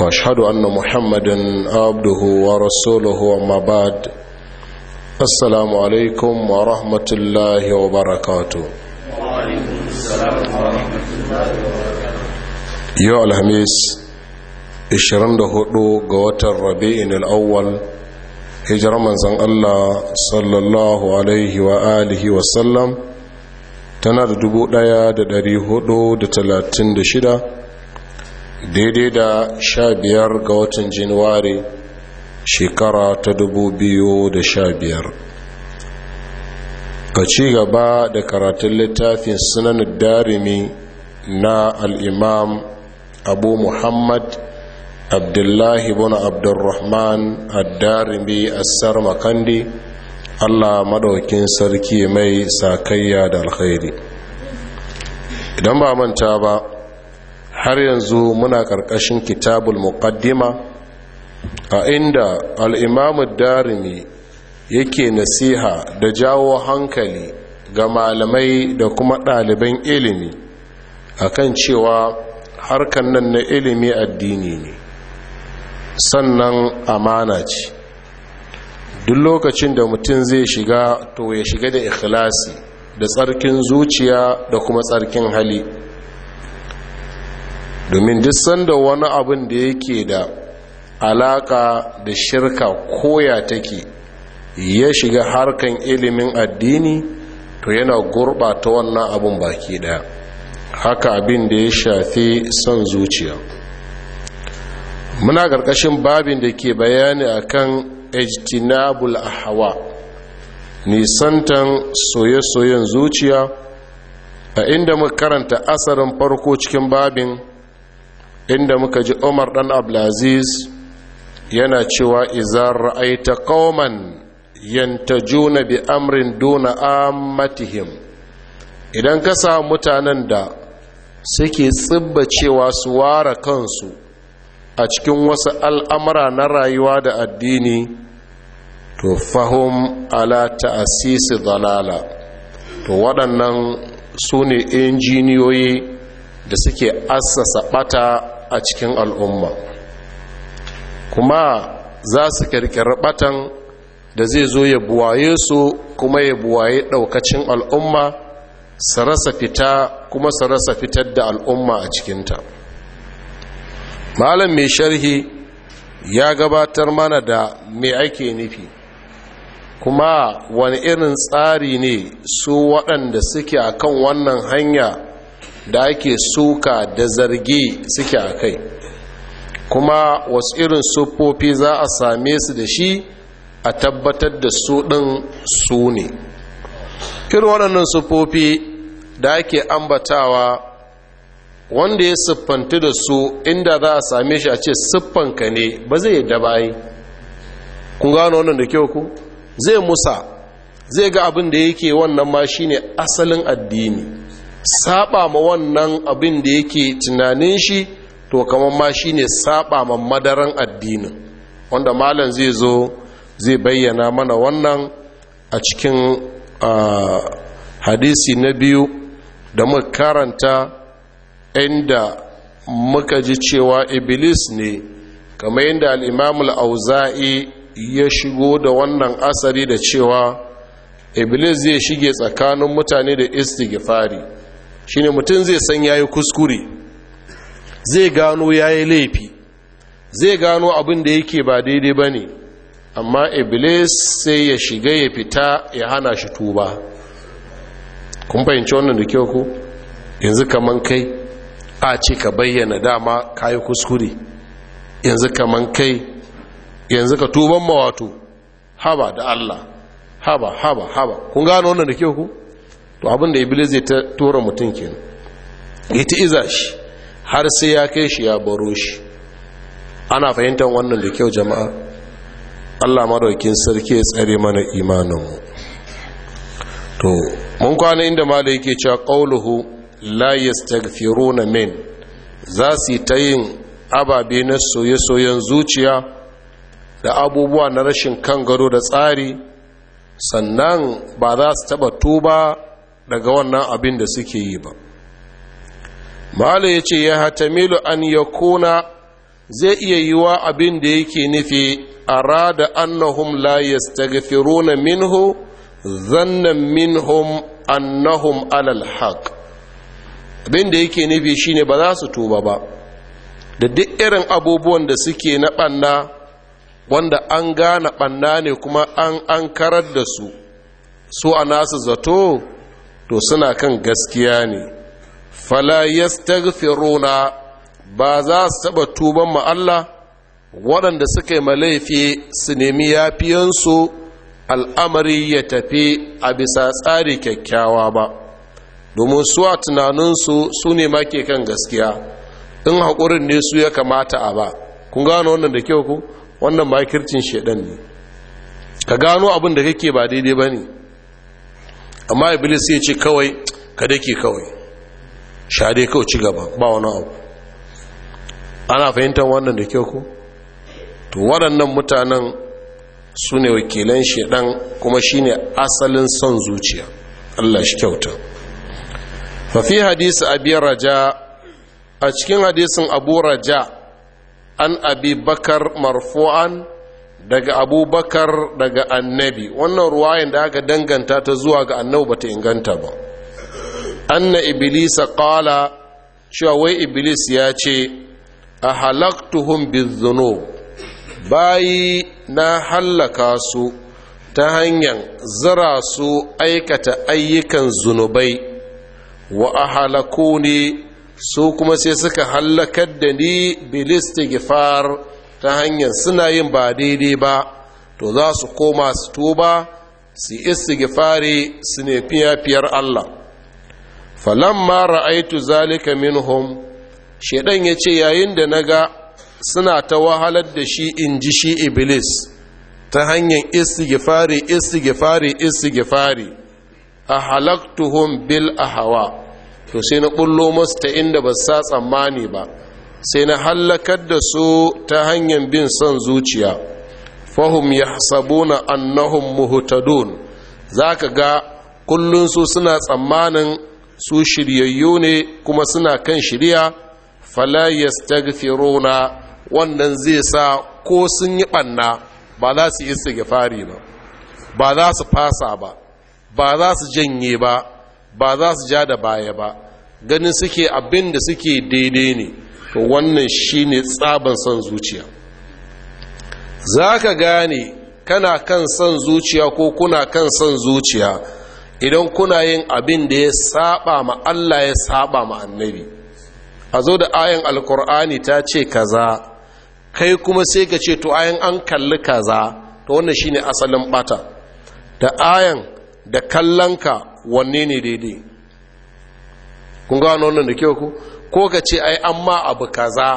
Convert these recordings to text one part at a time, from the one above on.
واشهد ان محمدا عبده ورسوله وما بعد السلام عليكم ورحمه الله وبركاته yau alhamis 24 ga watan rabi'in al'awwal hijirar manzan allah sallallahu alaihi wa alihi wasallam tana da shida. daidai da sha biyar ga watan januwari shekara ta dubu biyu da sha biyar Ka ci gaba da karatun littafin sunanin darimi na al'imam abu muhammad abdullahi bin abdurrahman addarimi Asar, makandi allah madaukin sarki mai sakayya da alkhairi idan ba manta ba har yanzu muna ƙarƙashin kitabul muqaddima a inda al'imamu darimi yake nasiha da jawo hankali ga malamai da kuma ɗaliban ilimi akan cewa harkan nan na ilimi addini ne sannan amana ce duk lokacin da mutum zai shiga to ya shiga da ikhlasi da tsarkin zuciya da kuma tsarkin hali domin duk sanda wani abin da yake da alaka da shirka koya take ya shiga harkan ilimin addini to yana gurɓata wannan abin baki ɗaya haka abin da ya shafi son zuciya muna ƙarƙashin babin da ke bayani akan a Hawa, nisantan soye-soyen zuciya a inda muka karanta asarin farko cikin babin inda muka ji umar dan abulaziz yana cewa izar ra'aita qauman yantajuna bi amrin duna ammatihim idan ka samu mutanen da suke tsibba cewa su ware kansu a cikin wasu al'amura na rayuwa da addini to fahim ala ta'asisi dalala to waɗannan su ne injiniyoyi da suke assasa ɓata a cikin al'umma kuma za su kirkiri batan da zai zo ya buwaye su kuma ya buwaye ɗaukacin al'umma su rasa fita kuma su rasa fitar da al'umma a cikinta malam mai sharhi ya gabatar mana da me ake nufi kuma wani irin tsari ne su waɗanda suke akan wannan hanya da ake suka da zargi suke a kai kuma wasu irin siffofi za a same su da shi a tabbatar da su ɗin su ne irin waɗannan sufofi da ake ambatawa wanda ya siffanta da su inda za a same shi a ce siffanka ne ba zai yi dabayi kun gano wannan da kyau ku zai musa zai ga abin da yake wannan ma shine asalin addini saba ma wannan abin da yake tunanin shi to kamar ma shi ne saba ma madaran addinin wanda malam zai zo zai bayyana mana wannan a cikin hadisi na biyu da muka karanta inda muka ji cewa iblis ne kamar yadda al'imamul auza'i ya shigo da wannan asari da cewa iblis zai shige tsakanin mutane da istighfari shine mutum zai san yayi kuskure zai gano yayi laifi zai gano abin da yake ba daidai ba ne, amma iblis sai ya shiga ya fita ya hana shi tuba kun fahimci wannan da kyau ko yanzu kaman kai a ce ka bayyana dama kayi kuskure yanzu kaman kai yanzu ka tuban mawato haba da Allah haba haba haba kun gano wannan da kyau ku to abin da iblis zai ta tura mutum ke ya ta iza shi har sai ya kai shi ya baro shi ana fahimtar wannan da kyau jama'a allah maraukin sarki ya tsare mana imaninmu to mun kwana inda malai yake cewa qauluhu la na min za su ta yin ababe na soye-soyen zuciya da abubuwa na rashin kan gado da tsari sannan ba za su taba tuba daga wannan abin da suke yi ba Malu ya ce ya hatamilu an ya kuna zai iya yiwa abin da yake nufi a rada annahum la yastaghfiruna minhu zannan minhum annahum alal haq abin da yake nufi shine ba za su tuba ba da duk irin abubuwan da suke na ɓanna wanda an gane ɓanna ne kuma an an karar da su su a nasu zato to suna kan gaskiya ne fala yastaghfiruna ba za su taba tuban ma Allah waɗanda suka yi malaifi su nemi yafiyansu al'amari ya tafi a bisa tsari kyakkyawa ba domin su a tunaninsu su ne ma ke kan gaskiya in haƙurin ne su ya kamata a ba kun gano wannan da kyau ku wannan makircin shaidan ne ka gano abin da kake ba daidai ba ne amma iblis ya ce kawai ka dake kawai sha kawai ci gaba ba wani abu ana fahimtar wannan da kyau ko to waɗannan mutanen su ne wakilan shaidan kuma shi ne asalin son zuciya allah shi kyauta fafi hadisi abi raja a cikin hadisin abu raja an abi bakar marfu'an daga abubakar daga annabi wannan ruwayan da aka danganta ta zuwa ga annabi bata inganta ba anna iblisa qala cewa wai iblis ya ce a halaktuhun bizzuno bayi na hallaka su ta hanyar zira su aikata ayyukan zunubai wa a halaku ne su kuma sai suka hallakar da ni bilis ta gifar ta hanyar suna yin ba daidai ba to za su koma su tuba su istighfari su ne fiyafiyar Allah ma ra'aitu zalika minhum shedan yace yayin da naga suna ta wahalar da shi in ji shi iblis ta hanyar istighfari istighfari istighfari a halaktuhum bil ahawa to sai na bullo musu ta inda ba sa tsammani ba sai na hallakar da su ta hanyar bin son zuciya fahim ya sabuna annahum muhutadun za ka ga kullum su suna tsammanin su shiryayyu ne kuma suna kan shirya falayas na wannan zai sa ko sun yi ɓanna ba za su yi fari ba ba za su fasa ba ba za su janye ba ba za su ja da baya ba ganin suke abin da suke daidai ne to wannan shine tsaban son zuciya za ka gane kana kan son zuciya ko kuna kan son zuciya idan kuna yin abin da ya saba ma Allah ya saba ma annabi a zo da ayan alkur'ani ta ce kaza kai kuma sai ka ce to ayan an kalli kaza to wannan shine asalin bata da ayan da kallonka wanne ne daidai kun gano wannan da kyau ku ko ka ce ai amma abu kaza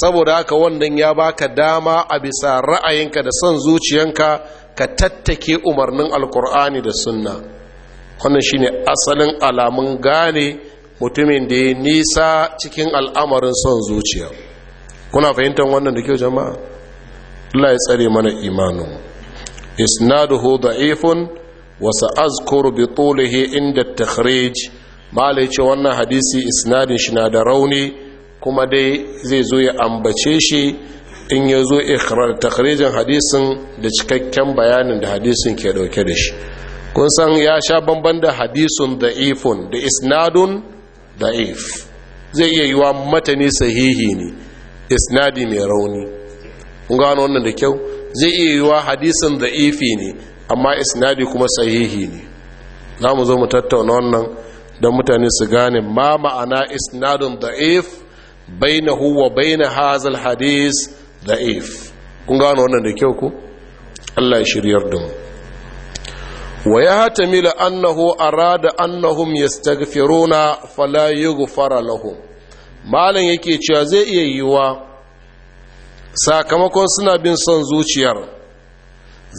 saboda haka wannan ya baka dama a bisa ra'ayinka da son zuciyanka ka tattake umarnin alkur'ani da sunna wannan shine asalin alamun gane mutumin da ya nisa cikin al'amarin son zuciya kuna fahimtar wannan da kyau jama'a Allah ya tsare mana imanu isnaduhu da'ifun wa bi tulihi inda takhrij malai ce wannan hadisi isnadin shi na da rauni kuma dai zai zo ya ambace shi in ya zo ikirar takarijin hadisin da cikakken bayanin da hadisin ke dauke da shi kun san ya sha bamban da hadisun ifun da isnadun if zai iya wa matani sahihi ne isnadi mai rauni kun gano wannan da kyau zai iya hadisun hadisin da'ifi ne amma isnadi kuma sahihi ne za mu zo mu tattauna wannan don mutane su gane ma ma'ana isnadun da'if huwa bai na hazal hadis da'if kun gano wannan da kyau ku? Allah ya shiryar da mu wa ya hata mila annahu arada annahum yastaghfiruna fala fara lahun malin yake cewa zai iya yiwa sakamakon suna bin son zuciyar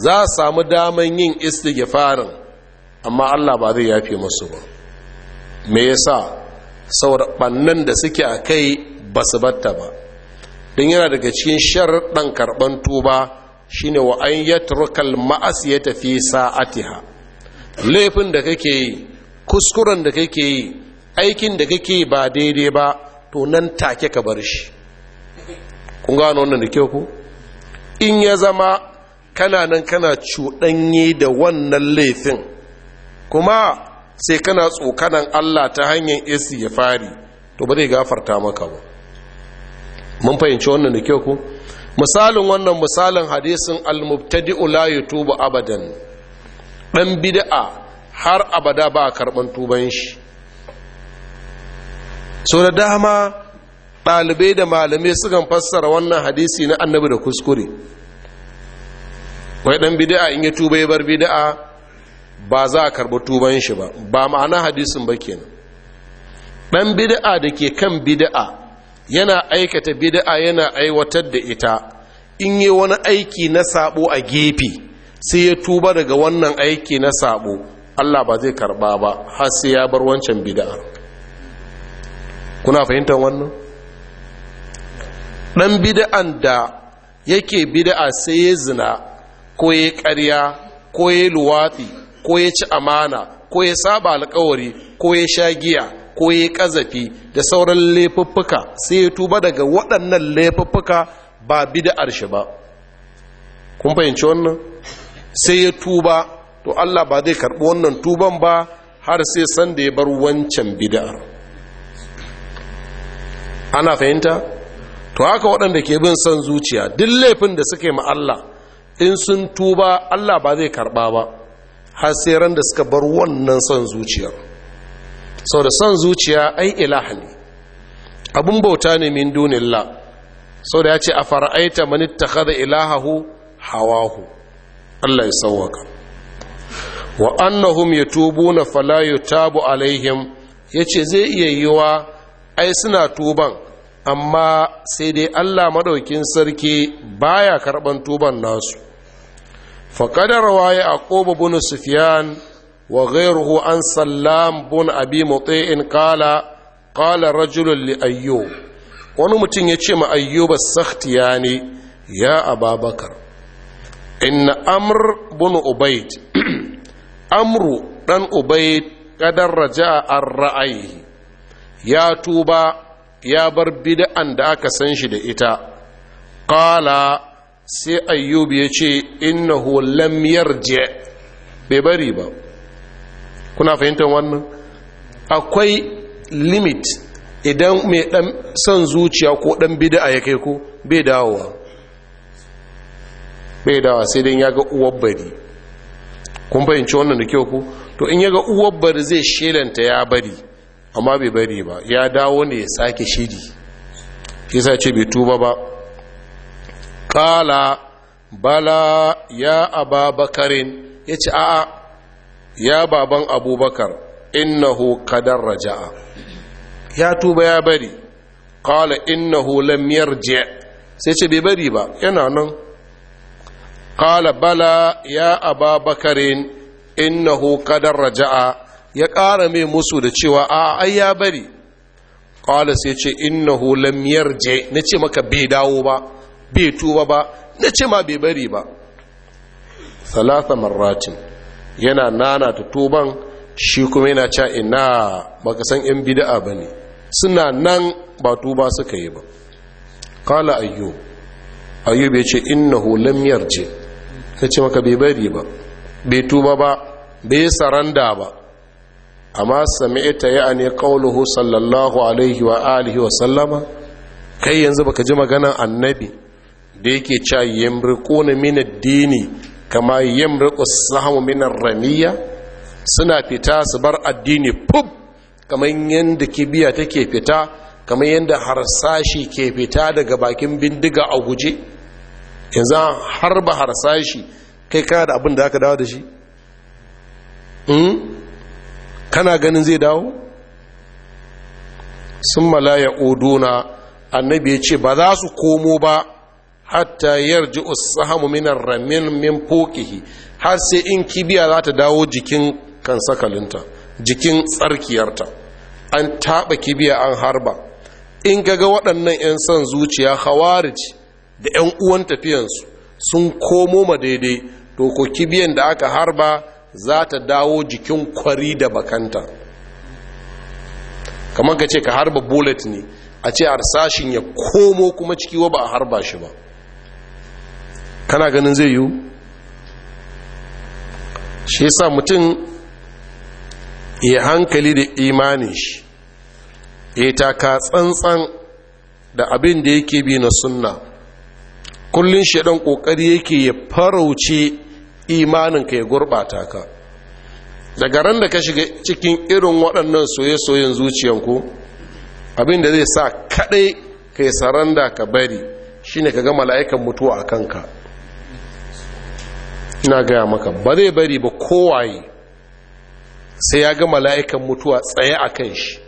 za a samu daman yin istigifarin amma Allah ba zai yafe masu ba me yasa saboda bannan da suke a kai ba su batta ba don yana daga cikin dan karban tuba shine wa an yatrukal ma'asi ya tafi sa'atiha laifin da kake yi kuskuren da kake yi aikin da kake ba daidai ba to nan take ka bar shi kun gano wannan da kyau ku in ya zama kana nan kana cuɗanye da wannan laifin kuma sai kana tsokanan Allah ta hanyar isi ya fari to ba zai gafarta maka ba mun fahimci wannan da kyau ku misalin wannan misalin hadisin al-mubtadi'u la yutubu abadan dan bid'a har abada ba karban tuban shi so da dama ɗalibai da malamai sukan fassara wannan hadisi na annabi da kuskure wai dan bid'a in ya tuba ya bar bid'a ba za a karɓi tuban shi ba ba ma'ana hadisin ba kenan ɗan bid'a da ke kan bid'a yana aikata bid'a yana aiwatar da ita in yi wani aiki na sabo a gefe sai ya tuba daga wannan aiki na sabo Allah ba zai karɓa ba har sai ya bar wancan bid'a kuna fahimtar wannan Ɗan bid'an da yake bida'a sai ya zina ko ya ƙarya ko ya luwafi. ko ya ci amana ko ya saba alkawari ko ya sha giya ko ya kazafi da sauran laifuffuka sai ya tuba daga waɗannan laifuffuka ba bid'ar shi ba kun fahimci wannan sai ya tuba to Allah ba zai karɓi wannan tuban ba har sai san da ya bar wancan bid'ar ana fahimta to haka waɗanda ke bin san zuciya duk laifin da suke ma Allah in sun tuba Allah ba zai karɓa ba har sai ran da suka bar wannan son zuciyar sau da son zuciya ai ilaha ne abun bauta ne min dunilla sau da ya ce a fara'aita mani ilaha kada ilahahu hawahu allah ya sauwaka wa annahum na fala tabu alaihim ce zai iya yi wa, ai suna tuban amma sai dai Allah madaukin sarki baya karban tuban nasu faƙadar waye a ƙoba bin sufiyan wa ghairuhu an sallam bin abi mutsi'in kala kala rajulun li ayyo wani mutum ya ce ma ayyuba sakhtiya ne ya ababakar inna amr bin ubaid amru ɗan ubaid kadar raja an ya tuba ya bar bid'an da aka san shi da ita qala sai ayyub ya ce innahu lam yarji bai bari ba kuna fahimtar wannan akwai limit idan mai dan son zuciya ko dan bid'a ya kai ko bai dawowa bai dawa sai dai ya ga uwar bari kun fahimci wannan da kyau ku to in ya ga uwar bari zai shelanta ya bari amma bai bari ba ya dawo ne ya sake shiri shi ce bai tuba ba kala bala ya aba bakarin ya ce a'a ya baban abubakar innahu kadar raja'a ya tuba ya bari kala innahu lam yarji sai ce bai bari ba yana nan kala bala ya aba bakarin innahu kadar raja'a ya ƙara mai musu da cewa a ai ya bari ƙwala sai ce innahu lam yarje na ce maka bai dawo ba bai tuba ba na ce ma bai bari ba salasa Maratin yana nana ta tuban shi kuma yana ca ina baka san yan bida'a ba ne suna nan ba tuba suka yi ba kala ayyub ayyub bai ce ina hulun yarje ya ce maka bai bari ba bai tuba ba bai saranda ba amma sami'ta ya ne qauluhu sallallahu alaihi wa alihi wa sallama kai yanzu baka ji maganan annabi da yake cewa yamriquna min mina dini kama yamriqu as mina ramiya suna fita su bar addini fub kamar yadda kibiya take fita kamar yadda harsashi ke fita daga bakin bindiga a guje yanzu har ba harsashi kai kana da abin da aka dawo da shi hmm? kana ganin zai dawo sun malaya oduna annabi ya ce ba za su komo ba hatta yarji sahamu minar ramin min fokihi har sai in kibiya za ta dawo jikin kansakalinta jikin tsarkiyarta an taɓa kibiya an harba in gaga waɗannan 'yan son zuciya hawarij da 'yan uwan tafiyansu sun komo ma daidai to ko kibiyan da aka harba za ta dawo jikin kwari da bakanta kamar ka ce ka harba bullet ne a ce harsashin ya komo kuma ciki ba a harba shi ba kana ganin zai yiwu shi sa mutum ya hankali da imanin shi ya taka tsantsan da abin da yake bi na sunna kullum shi ɗan ƙoƙari yake ya farauce imaninka ya gurɓata ka daga ran da ka shiga cikin irin waɗannan soye-soyen zuciyanku abin da zai sa kaɗai ka yi saranda ka bari shine ka ga mala'ikan mutuwa a kanka ina gaya maka ba zai bari ba kowaye sai ya ga mala'ikan mutuwa tsaye a kan shi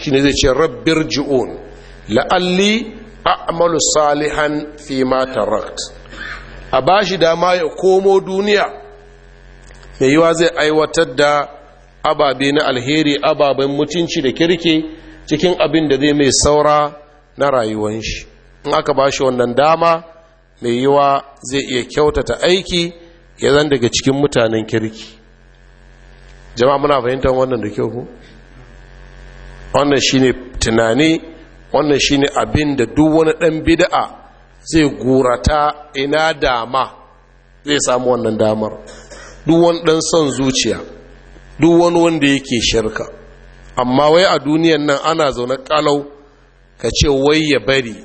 shi ne zai ce rabbir ji'un la'alli a'malu salihan fi tarakt a ba shi dama ya komo duniya mai yiwa zai aiwatar da ababe na alheri ababen mutunci da kirki cikin abin da zai mai saura na rayuwan shi in aka ba shi wannan dama mai yiwa zai iya kyautata aiki ya zan daga cikin mutanen kirki jama'a muna fahimtar wannan da kyau ku wannan shine tunani wannan shine abin da duk wani dan bid'a zai gurata ina dama zai samu wannan damar duk wani dan son zuciya duk wani wanda yake shirka amma wai a duniyan nan ana zaune kalau ka ce wai ya bari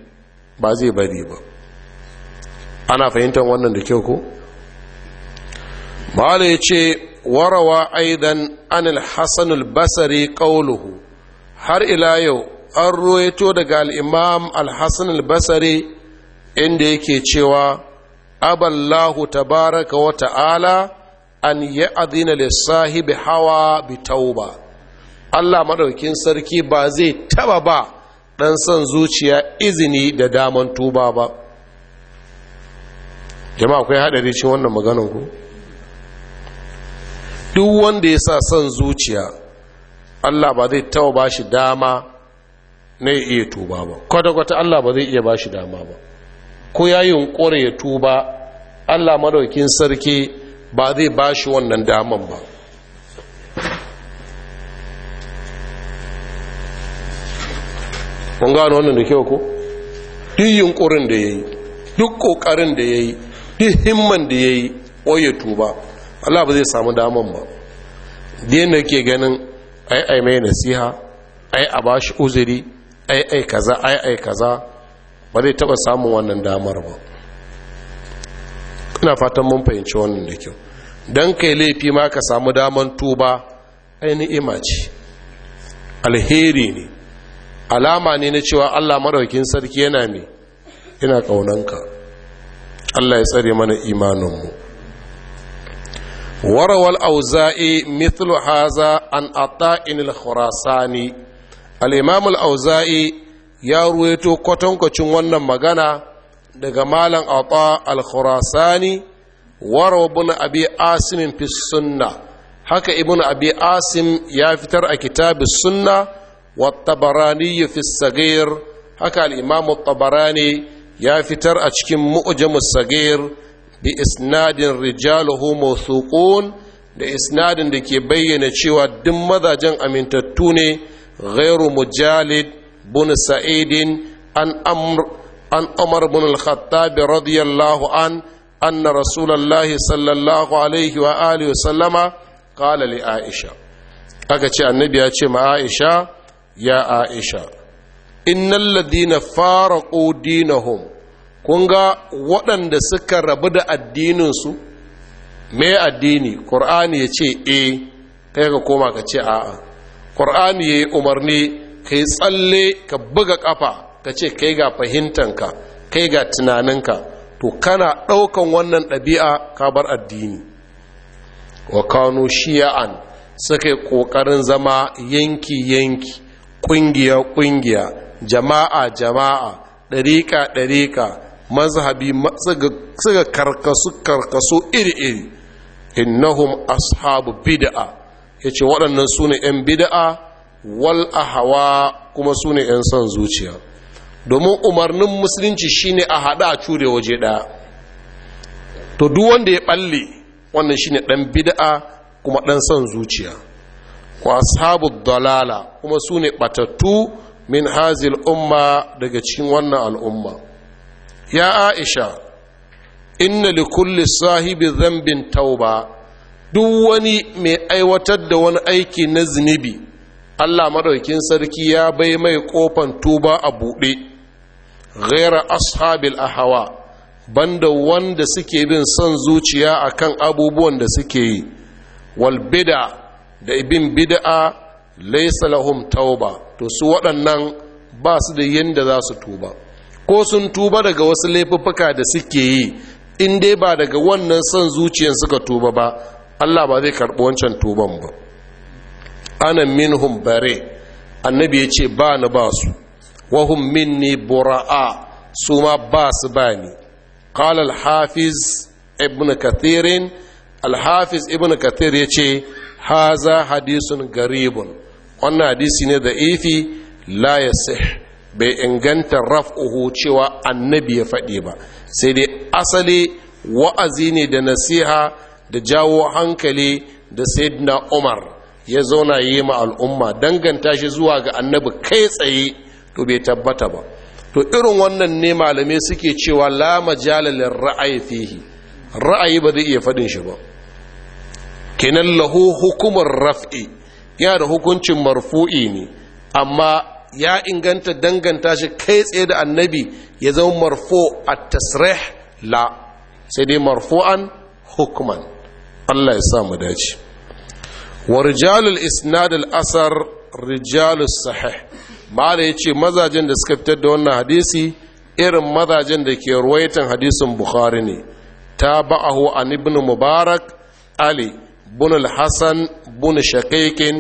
ba zai bari ba ana fahimtar wannan da kyau ko Bala ya ce warawa aidan anil hasanul basari ƙauluhu har ila yau an ruwaito daga al'imam al-hassan basari inda yake cewa aballahu tabaraka wa ta'ala an yi adina bi hawa bi tauba allah maɗaukin sarki ba zai taba ba ɗan son zuciya izini da daman tuba ba jama'a akwai haɗari ce wannan maganin ku duk wanda ya sa son zuciya Allah ba zai tawa ba shi dama na ya iya tuba ba kwata-kwata Allah ba zai iya ba shi dama ba ko ya yunkure ya tuba Allah madaukin sarki ba zai ba shi wannan daman ba kun gano wannan da kyau ko duk yunƙurin da ya yi duk ƙoƙarin da ya yi duk himman da ya yi ya tuba Allah ba zai samu daman ba da yadda ke ganin ai ai mai nasiha ai a bashi uzuri ai ai kaza ai ai kaza ba zai taba samun wannan damar ba kuna fatan mun fahimci wannan da kyau dan kai laifi ma ka samu daman tuba ai ni'ima ce alheri ne alama ne na cewa Allah madaukin sarki yana me Ina kaunanka Allah ya tsare mana imaninmu warawal auza'i mithlu haza an ata'in al-khurasani al-imam auzai ya ruwaito kwatankwacin wannan magana daga malam ata al-khurasani warawa ibn abi fi sunna haka ibn abi asim ya fitar a kitabis sunna wa tabarani fi sagir haka al-imam tabarani ya fitar a cikin mu'jamus sagir bi isnadin rijaluhu mawthuqun da isnadin da ke bayyana cewa duk mazajen amintattu ne ghairu mujalid bin sa'idin an amr an umar bin al-khattab radiyallahu an anna rasulullahi sallallahu alaihi wa alihi sallama qala li aisha aka ce annabi ya ce ma aisha ya aisha innal ladina faraqu dinahum kun ga waɗanda suka rabu da addininsu mai addini ƙur'ani ya ce e kai ka koma ka ce a'a ƙur'ani ya yi umarni ka yi tsalle ka buga ƙafa ka ce kai ga fahimtanka kai ga tunaninka to kana ɗaukan wannan ɗabi'a ka bar addini wa kano shi'an suka yi ƙoƙarin zama yanki-yanki ƙungiya-ƙungiya jama'a-jama'a ɗariƙa-ɗariƙa mazhabi suka karkasu karkasu iri-iri innahum ashabu bid'a yace waɗannan su ne 'yan bid'a wal ahawa kuma su ne 'yan son zuciya domin umarnin musulunci shine a haɗa a cure waje ɗaya to duk wanda ya ɓalle wannan shine ɗan bid'a kuma ɗan son zuciya ku ashabu dalala kuma su ne ɓatattu min hazil umma daga cikin wannan al'umma ya aisha inna li kulli sahibi zambin tauba duk wani mai aiwatar da wani aiki na zunubi allah maɗaukin sarki ya bai mai ƙofan tuba a buɗe ghaira ashabil ahawa banda wanda suke bin son zuciya akan abubuwan da suke yi walbida da ibin bida'a, laysa tauba to su waɗannan ba su da yadda za su tuba ko sun tuba daga wasu laifuffuka da suke yi in dai ba daga wannan son zuciyar suka tuba ba Allah ba zai karɓi wancan tuban ba ana minhum bare annabi ya ce ba ni ba su wahum minni bura'a su ma ba su ba ni qala al ibn kathirin al ibn kathir ya ce haza hadisun garibun wannan hadisi ne da ifi la yasih bai inganta raf'uhu cewa annabi ya faɗi ba sai dai asali wa'azi ne da nasiha da jawo hankali da sayyidina umar ya zauna yi ma al'umma danganta shi zuwa ga annabi kai tsaye to bai tabbata ba to irin wannan ne malamai suke cewa la majalalin ra'ayi fihi ra'ayi ba zai iya faɗin shi ba kenan lahu hukumar raf'i yana da hukuncin marfu'i ne amma ya inganta danganta shi kai tsaye da annabi ya zama marfo a tasrih la sai dai marfo'an hukman Allah ya sa mu dace wa rijalul isnad al asar rijalus sahih mala ce mazajen da suka fitar da wannan hadisi irin mazajen da ke ruwaitan hadisin bukhari ne tabahu an ibn mubarak ali bin al hasan bin shaqiqin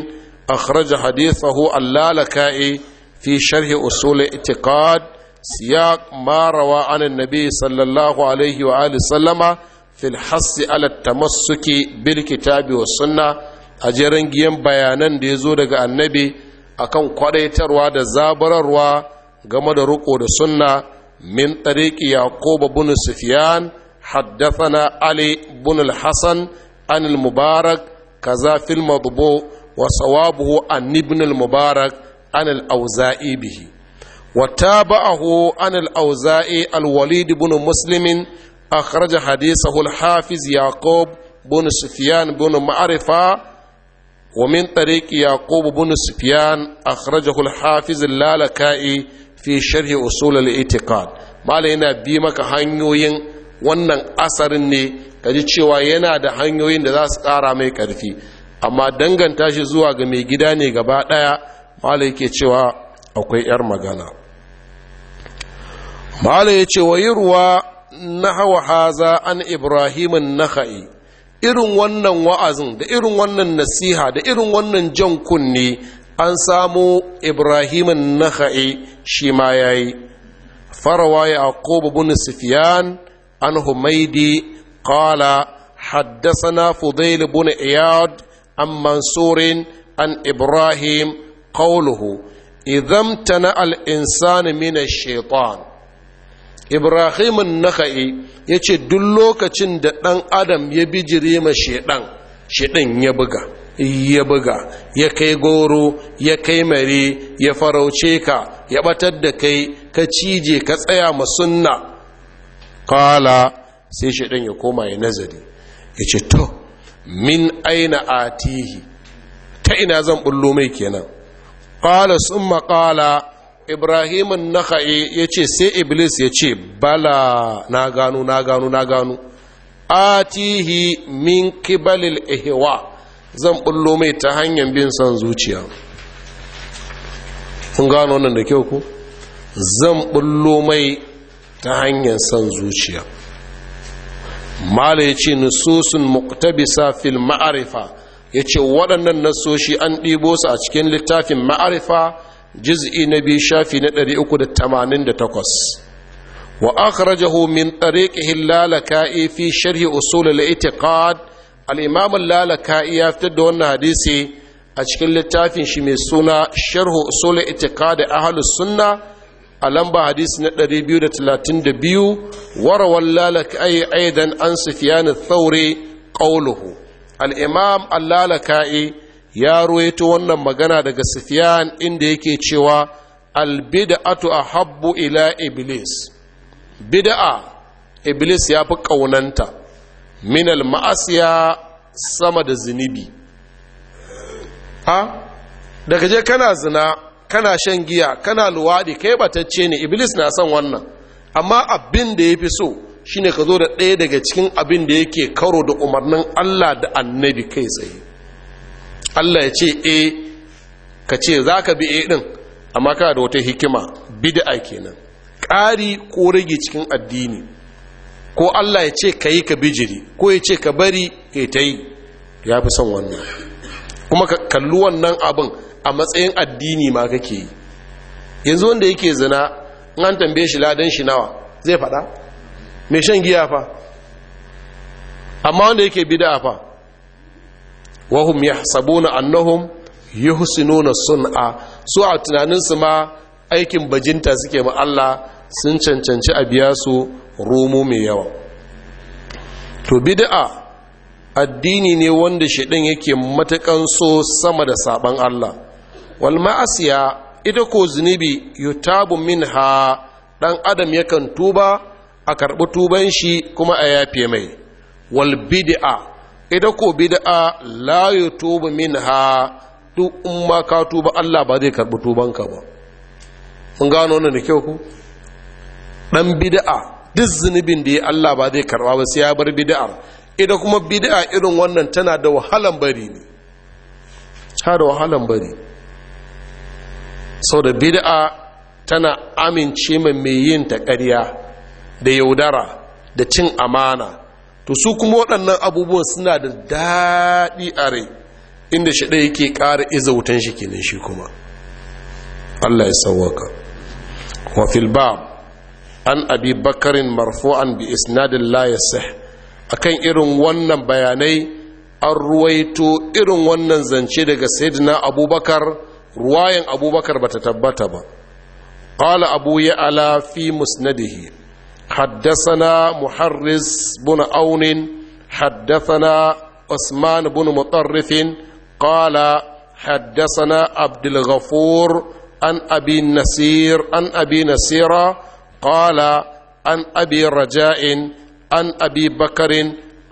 أخرج حديثه اللالكائي fi sharhi usul itiqad siyaq marawa rawa an annabi sallallahu alaihi wa alihi sallama fil hassi ala tamassuki bil kitabi a jeran giyan bayanan da ya zo daga annabi akan kwadaitarwa da zabararwa game da riko da sunna min tariqi yaqub ibn haddasa na ali ibn al-hasan an al-mubarak kaza fil madbu wa sawabuhu an ibn mubarak an al-auza'i bihi wa tabahu an al-auza'i al-walid ibn muslim akhraja hadithahu al-hafiz yaqub ibn sufyan ibn ma'rifa ومن طريق يعقوب بن سفيان أخرجه الحافظ اللالكائي في شرح أصول الاعتقاد ما لنا بيمك hanyoyin wannan asarin ne kaji cewa yana da hanyoyin da za su ƙara mai ƙarfi amma danganta shi zuwa ga mai gida ne gaba ɗaya malai yake cewa akwai yar magana malai ya ce wa na hawa haza an ibrahimin ha'i irin wannan wa'azin da irin wannan nasiha da irin wannan jan kunne an samu ibrahimin ha'i shi ma ya yi farawa ya akobu bin sufiyan an humaidi قال حدثنا فضيل بن اياد عن منصور an Ibrahim. qawluhu idham tana al insani min shaitan ibrahim an-nakhai yace duk lokacin da ɗan adam ya bijire ma shedan shedan ya buga ya buga ya kai goro ya kai mare ya farauce ka ya batar da kai ka cije ka tsaya ma sunna kala sai shedan ya koma ya nazari yace to min aina atihi ta ina zan bullo mai kenan qala summa qala ibrahim an ya ce sai iblis ya ce bala na gano na gano na gano atihi min kibalil ihwa zan bullo mai ta hanyar bin son zuciya kun gano wannan da kyau ku zan bullo mai ta hanyar son zuciya mala yace nususun muqtabisa fil ma'arifa ya ce waɗannan nasoshi an ɗibo su a cikin littafin ma'arifa jiz'i na biyu shafi na 388 wa aka raja homin ɗariƙi hillala ka'i fi shari'a usul al-itiqad al'imamun lala ya fitar da wannan hadisi a cikin littafin shi mai suna sharhu usul al-itiqad a halus a lamba hadisi na 232 warawan lala ka'i aidan an sufiyanin thauri ƙauluhu al'imam allalaka'i ya ruwaito wannan magana daga Sifiyan inda yake cewa albida'atu a habbu ila iblis bida'a iblis ya fi ƙaunanta minal ma'asiya sama da zunubi ha daga je kana zina kana shan giya kana luwaɗi kai batacce ne iblis na son wannan amma abin da ya fi so shine ka zo da ɗaya daga cikin abin da yake karo da umarnin Allah da annabi kai tsaye Allah ya ce e ka ce za ka bi e ɗin amma ka da wata hikima bid'a kenan ƙari ko rage cikin addini ko Allah ya ce ka yi ka bijiri ko ya ce ka bari ya ta yi ya fi son wannan kuma ka kalli wannan abin a matsayin addini ma kake yi yanzu wanda yake zina in an tambaye shi ladan shi nawa zai faɗa mai shan giya fa amma wanda yake bid'a fa wahum yahsabuna annahum yuhsinuna sun'a su a tunanin su ma aikin bajinta suke ma Allah sun cancanci a biya su romo mai yawa to bid'a addini ne wanda shaɗin yake matakan so sama da saban Allah wal ma'asiya ita ko zunubi yutabu minha dan adam yakan tuba a karɓi tuban shi kuma a yafe mai wal bid'a ita ko bid'a la yutubu minha duk in ma ka tuba Allah ba zai karɓi tubanka ba mun gano wannan da kyau ku dan bid'a duk zunubin da ya Allah ba zai karɓa ba sai ya bar bid'ar ita kuma bid'a irin wannan tana da wahalan bari ne ta da wahalan bari sau da bid'a tana amince mai yin ta ƙarya da yaudara da cin amana to su kuma waɗannan abubuwan suna da daɗi a rai inda shi ɗaya yake ƙara wutan shi kenan shi kuma allah ya sauwaka wafil ba an abi bakarin marfu'an bi isnadin a akan irin wannan bayanai an ruwaito irin wannan zance daga saidina abubakar ruwayan abubakar bata tabbata ba qala abu ya ala fi musnadihi حدثنا محرز بن عون حدثنا عثمان بن مطرف قال حدثنا عبد الغفور عن أبي النسير عن أبي نسير قال عن أبي رجاء عن أبي بكر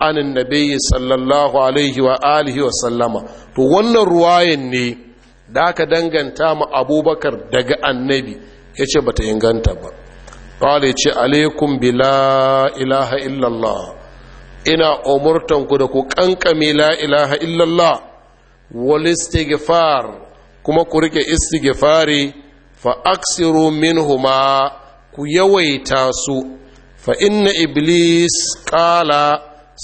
عن النبي صلى الله عليه وآله وسلم فوانا رواية ني da aka danganta ma abubakar daga annabi ya ce bata inganta ba kawai ce alaikum bila ilaha illallah ina umurtanku da ku kankame la ilaha illallah wal istighfar kuma ku rike istighfari fa aksiru minhuma ku yawaita su fa inna iblis qala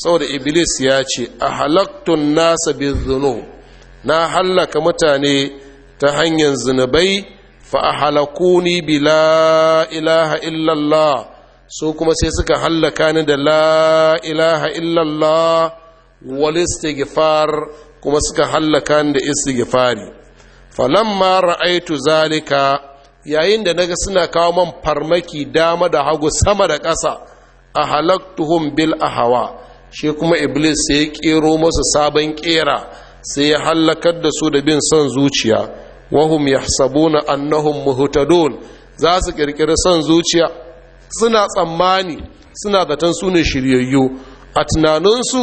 saboda iblis ya ce a halaktun nasa bizunub na hallaka mutane ta hanyar zunubai fa'ahalakuni bi la ilaha illallah su kuma sai suka hallaka ni da la ilaha illallah wal istighfar kuma suka hallaka ni da istighfari falamma ra'aitu zalika yayin da naga suna kawo man farmaki dama da hagu sama da ƙasa a halaktuhum bil hawa. shi kuma iblis sai ya kero masa sabon kera sai ya hallakar da su da bin son zuciya wahum yahsabuna annahun muhutadun za su kirkiri son zuciya suna tsammani suna zaton sunan ne shiryayyu a tunaninsu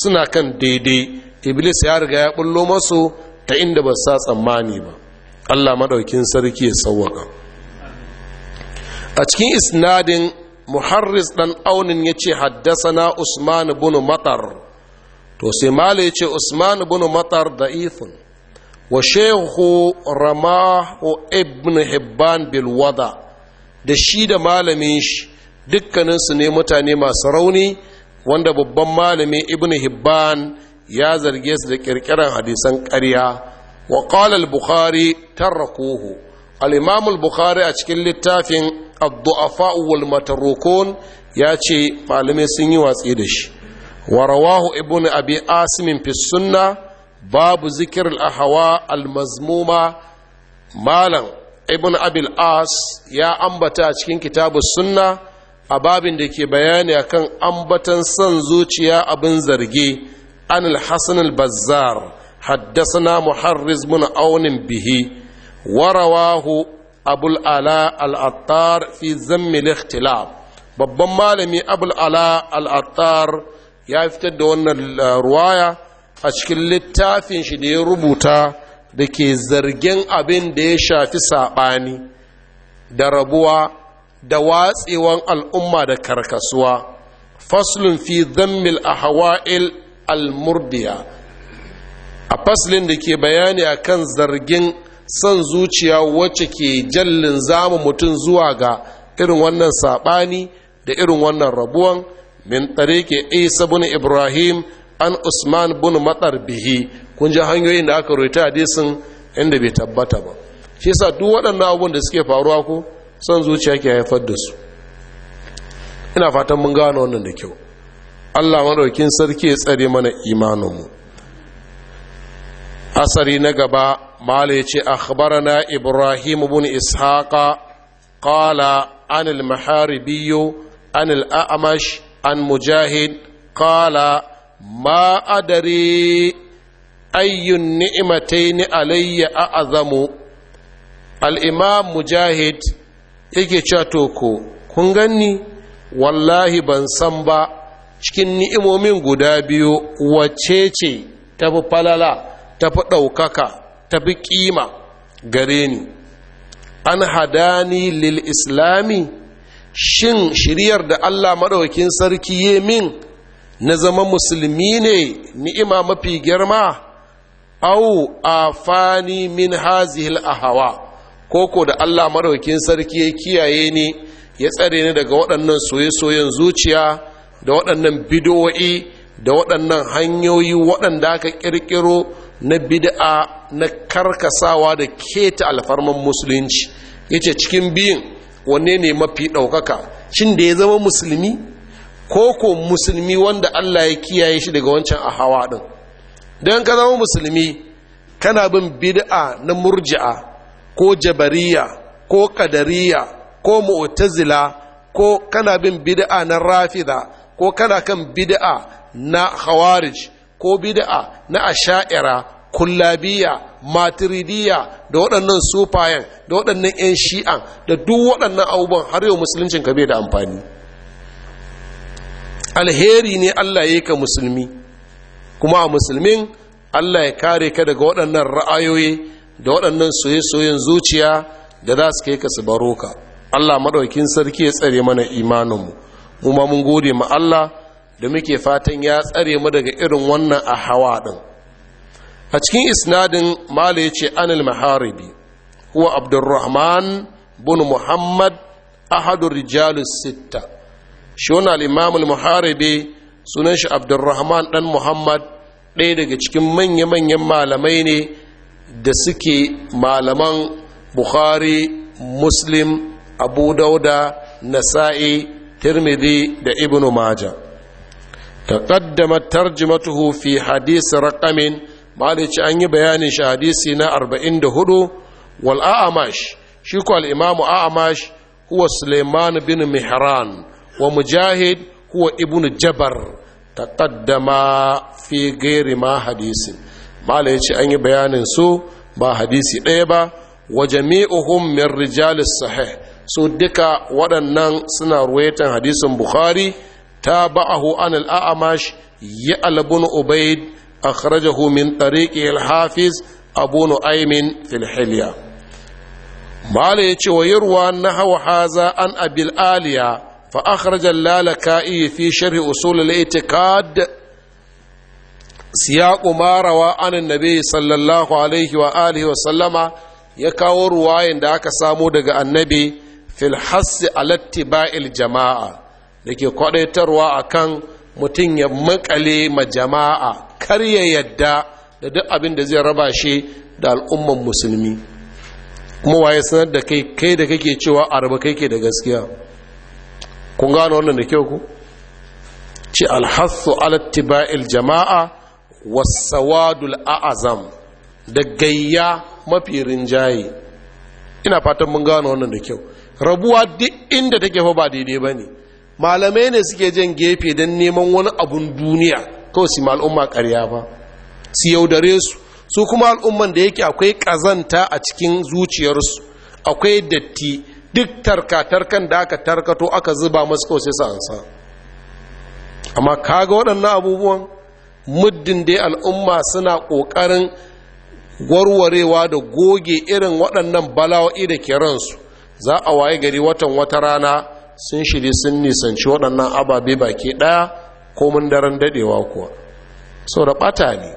suna kan daidai iblis ya riga ya bullo masu ta inda ba sa tsammani ba allah maɗaukin sarki ya sauwaka a cikin isnadin muharris ɗan aunin ya ce haddasa na usman bunu matar to sai mala ya ce usman bunu matar da ifin wa shehu ramahu ibn hibban bilwada da shi da malamin shi dukkaninsu ne mutane masu rauni wanda babban malamin ibn hibban ya zarge su da kirkiran hadisan ƙarya wa qala bukhari tarrakuhu al-imam al-bukhari a cikin littafin ad-du'afa wal ya ce malamai sun yi watsi da shi wa rawahu ibn abi asim fi sunnah babu zikir al-ahawa al-mazmuma malam ibn abil as ya ambata a cikin kitabu sunna a babin da ke bayani a kan ambatan son zuciya abin zargi an al bazzar حدثنا محرز بن عون به ورواه Abul'ala الألاء الأطار في ذم الاختلاف babban malami abul ala al'attar ya fitar da wannan ruwaya a cikin littafin shi da ya rubuta da ke zargin abin da ya shafi saɓani da rabuwa da watsewan al'umma da karkasuwa faslun fi zammil a hawa'il almurdiya a faslin da ke bayani a kan zargin son zuciya wacce ke jallin zama mutum zuwa ga irin wannan saɓani da irin wannan rabuwan min tsare ke isa bin ibrahim an usman bin matsar bihi kun ji hanyoyin da aka roita hadisin inda bai tabbata ba shi sa duk waɗannan abubuwan da suke faruwa ko son zuciya ke haifar da su ina fatan mun gane wannan da kyau allah maɗaukin sarki ya tsare mana imaninmu asari na gaba mala ya ce akhbarana ibrahim bin ishaqa qala an al-maharibi an al-a'mash an mujahid qala ما adari ayyun النعمتين alayya a'azamu al-imam mujahid yake cewa to ko kun ganni wallahi ban san ba cikin ni'imomin guda biyu wace ce tafi falala tafi ɗaukaka tafi ƙima gare ni an hadani lil islami shin shiryar da allah maɗaukin sarki ye min na zama musulmi ne ni'ima mafi girma au a fani min hazihil ahawa koko da Allah maraukin sarki ya kiyaye ni ya tsare ni daga waɗannan soye-soyen zuciya da waɗannan bidowa'i da waɗannan hanyoyi waɗanda aka ƙirƙiro na bid'a na karkasawa da keta alfarman musulunci yace cikin biyun wanne ne mafi ɗaukaka shin da ya zama musulmi ko ko musulmi wanda Allah ya kiyaye shi daga wancan a hawa din don ka zama musulmi kana bin bid'a na murji'a ko jabariya ko kadariya ko mu'tazila ko kana bin bid'a na rafida ko kana kan bid'a na hawarij ko bid'a na asha'ira kullabiya matiridiya da waɗannan sufayen da waɗannan 'yan shi'an da duk waɗannan abubuwan har yau musuluncin ka bai da amfani alheri ne Allah ya yi ka musulmi kuma a musulmin Allah ya kare ka daga waɗannan ra'ayoyi da waɗannan soye-soyen zuciya da za su kai ka su baro ka Allah maɗaukin sarki ya tsare mana imaninmu mu ma mun gode ma Allah da muke fatan ya tsare mu daga irin wannan a hawa ɗin a cikin isnadin mala ya ce anil maharibi huwa abdurrahman bin muhammad ahadu rijalus sitta shi wani al'imamul muharibi sunan shi abdurrahman dan muhammad ɗaya daga cikin manya-manyan malamai ne da suke malaman bukhari muslim abu dauda nasa'i tirmidhi da ibn majah taqaddamat tarjimatuhu fi hadisi raƙamin, malici an yi bayanin shi hadisi na 44 wal a'amash shi ko al-imamu a'amash huwa suleiman bin mihran wa mujahid kuwa ibn jabar taqaddama fi ghairi ma hadisin mala yace an yi bayanin su ba hadisi ɗaya ba wa jami'uhum min rijalis sahih su duka waɗannan suna ruwaitan hadisin bukhari ta ba'ahu an al'amash ya albun ubaid akhrajahu min tariqi al-hafiz abu nu'aymin fil hilya mala yace wa yarwa nahwa haza an abil aliya fa akhraja lalaka'i fi sharhi usul al-i'tiqad siyaqu ma rawa an annabi sallallahu alaihi wa alihi wa sallama ya kawo ruwaya da aka samo daga annabi filhasi hassi alattiba'il jama'a da ke kwadaitarwa akan mutum ya makale ma jama'a kar ya yadda da duk abin da zai raba shi da al'ummar musulmi kuma waye sanar da kai kai da kake cewa araba kai ke da gaskiya kun gano wannan da kyau ku ce alhassu alattiba'il jama'a wasawadul a'azam da gayya mafi rinjaye ina fatan mun gano wannan da kyau rabuwa duk inda take fa ba daidai ba ne malamai ne suke jan gefe don neman wani abun duniya kawai su al'umma karya ba su yaudare su su kuma al'umman da yake akwai ƙazanta a cikin zuciyarsu akwai datti duk tarka-tarkan da aka tarkato aka zuba masu kawai sai sa ansa amma kaga waɗannan abubuwan muddin dai al'umma suna ƙoƙarin warwarewa da goge irin waɗannan bala'o'i da ke ransu za a waye gari watan wata rana sun shiri sun nisanci waɗannan ababe baki ɗaya ko mun daren daɗewa kuwa sau da ɓata ne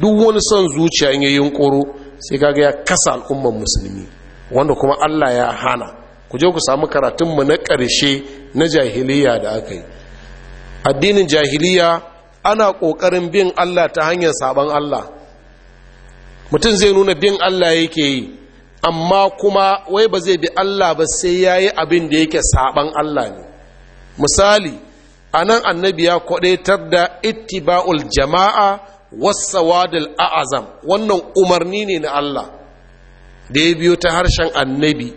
duk wani son zuciya in yi yunƙuru sai kaga ya kasa al'umman musulmi wanda kuma Allah ya hana ku je ku samu karatunmu na ƙarshe na jahiliya da aka yi addinin jahiliya ana ƙoƙarin bin Allah ta hanyar sabon Allah mutum zai nuna bin Allah yake yi amma kuma wai ba zai bi Allah ba sai ya yi abin da yake saban Allah ne misali a nan annabi ya kwadaitar da ittiba'ul jama'a wasawadul a'azam wannan umarni ne na Allah da ya biyo ta harshen annabi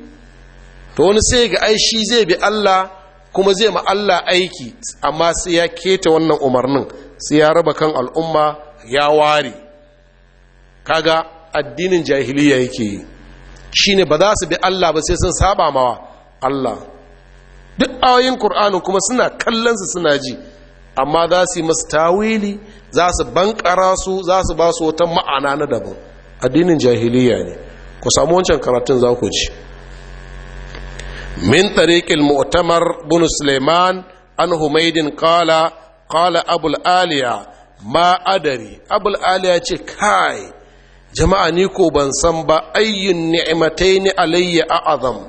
to wani sai ga ai shi zai bi Allah kuma zai ma Allah aiki amma sai ya keta wannan umarnin sai ya raba kan al'umma ya ware kaga addinin jahiliya yake yi shine ba za su bi Allah ba sai sun saba mawa Allah duk ayoyin Qur'ani kuma suna kallon su suna ji amma za su yi masu tawili za su bankara su za su ba su wata ma'ana na daban addinin jahiliya ne ku samu wancan karatun za ku ci. min tariqil mu'tamar bin Suleiman an Humaydin qala qala Abul Aliya ma adari Abul Aliya ce kai jama'a ni ko ban san ba ayyun ni'mataini alayya a'azam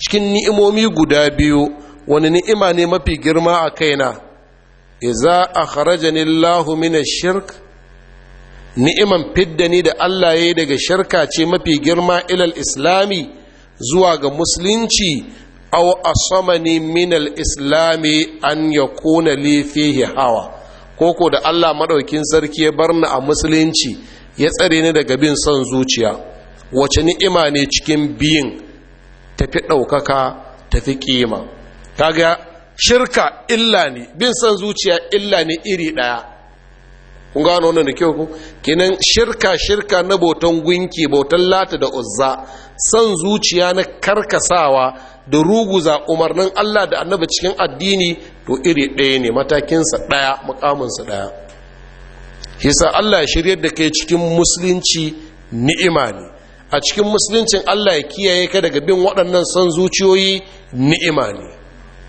cikin ni'imomi guda biyu wani ni'ima ne mafi girma a kaina iza akhrajani Allahu min ash-shirk ni'iman fidda ni da Allah ya yi daga shirka ce mafi girma ilal islami zuwa ga musulunci aw asamani minal al islami an yakuna li fihi hawa Ko da Allah maɗaukin sarki ya barni a musulunci ya tsare ni daga bin son zuciya wace ni'ima ne cikin biyin tafi ɗaukaka tafi kima kaga shirka illa ne bin son zuciya illa ne iri ɗaya kun gano wannan da kyau ku kinan shirka shirka na botan gunki botan lata da uzza san zuciya na karkasawa da ruguza umarnin Allah da annabi cikin addini to iri ɗaya ne matakinsa ɗaya mukaminsa ɗaya yasa Allah ya shiryar da kai cikin musulunci ni'ima ne a cikin musuluncin Allah ya kiyaye ka daga bin waɗannan san zuciyoyi ni'ima ne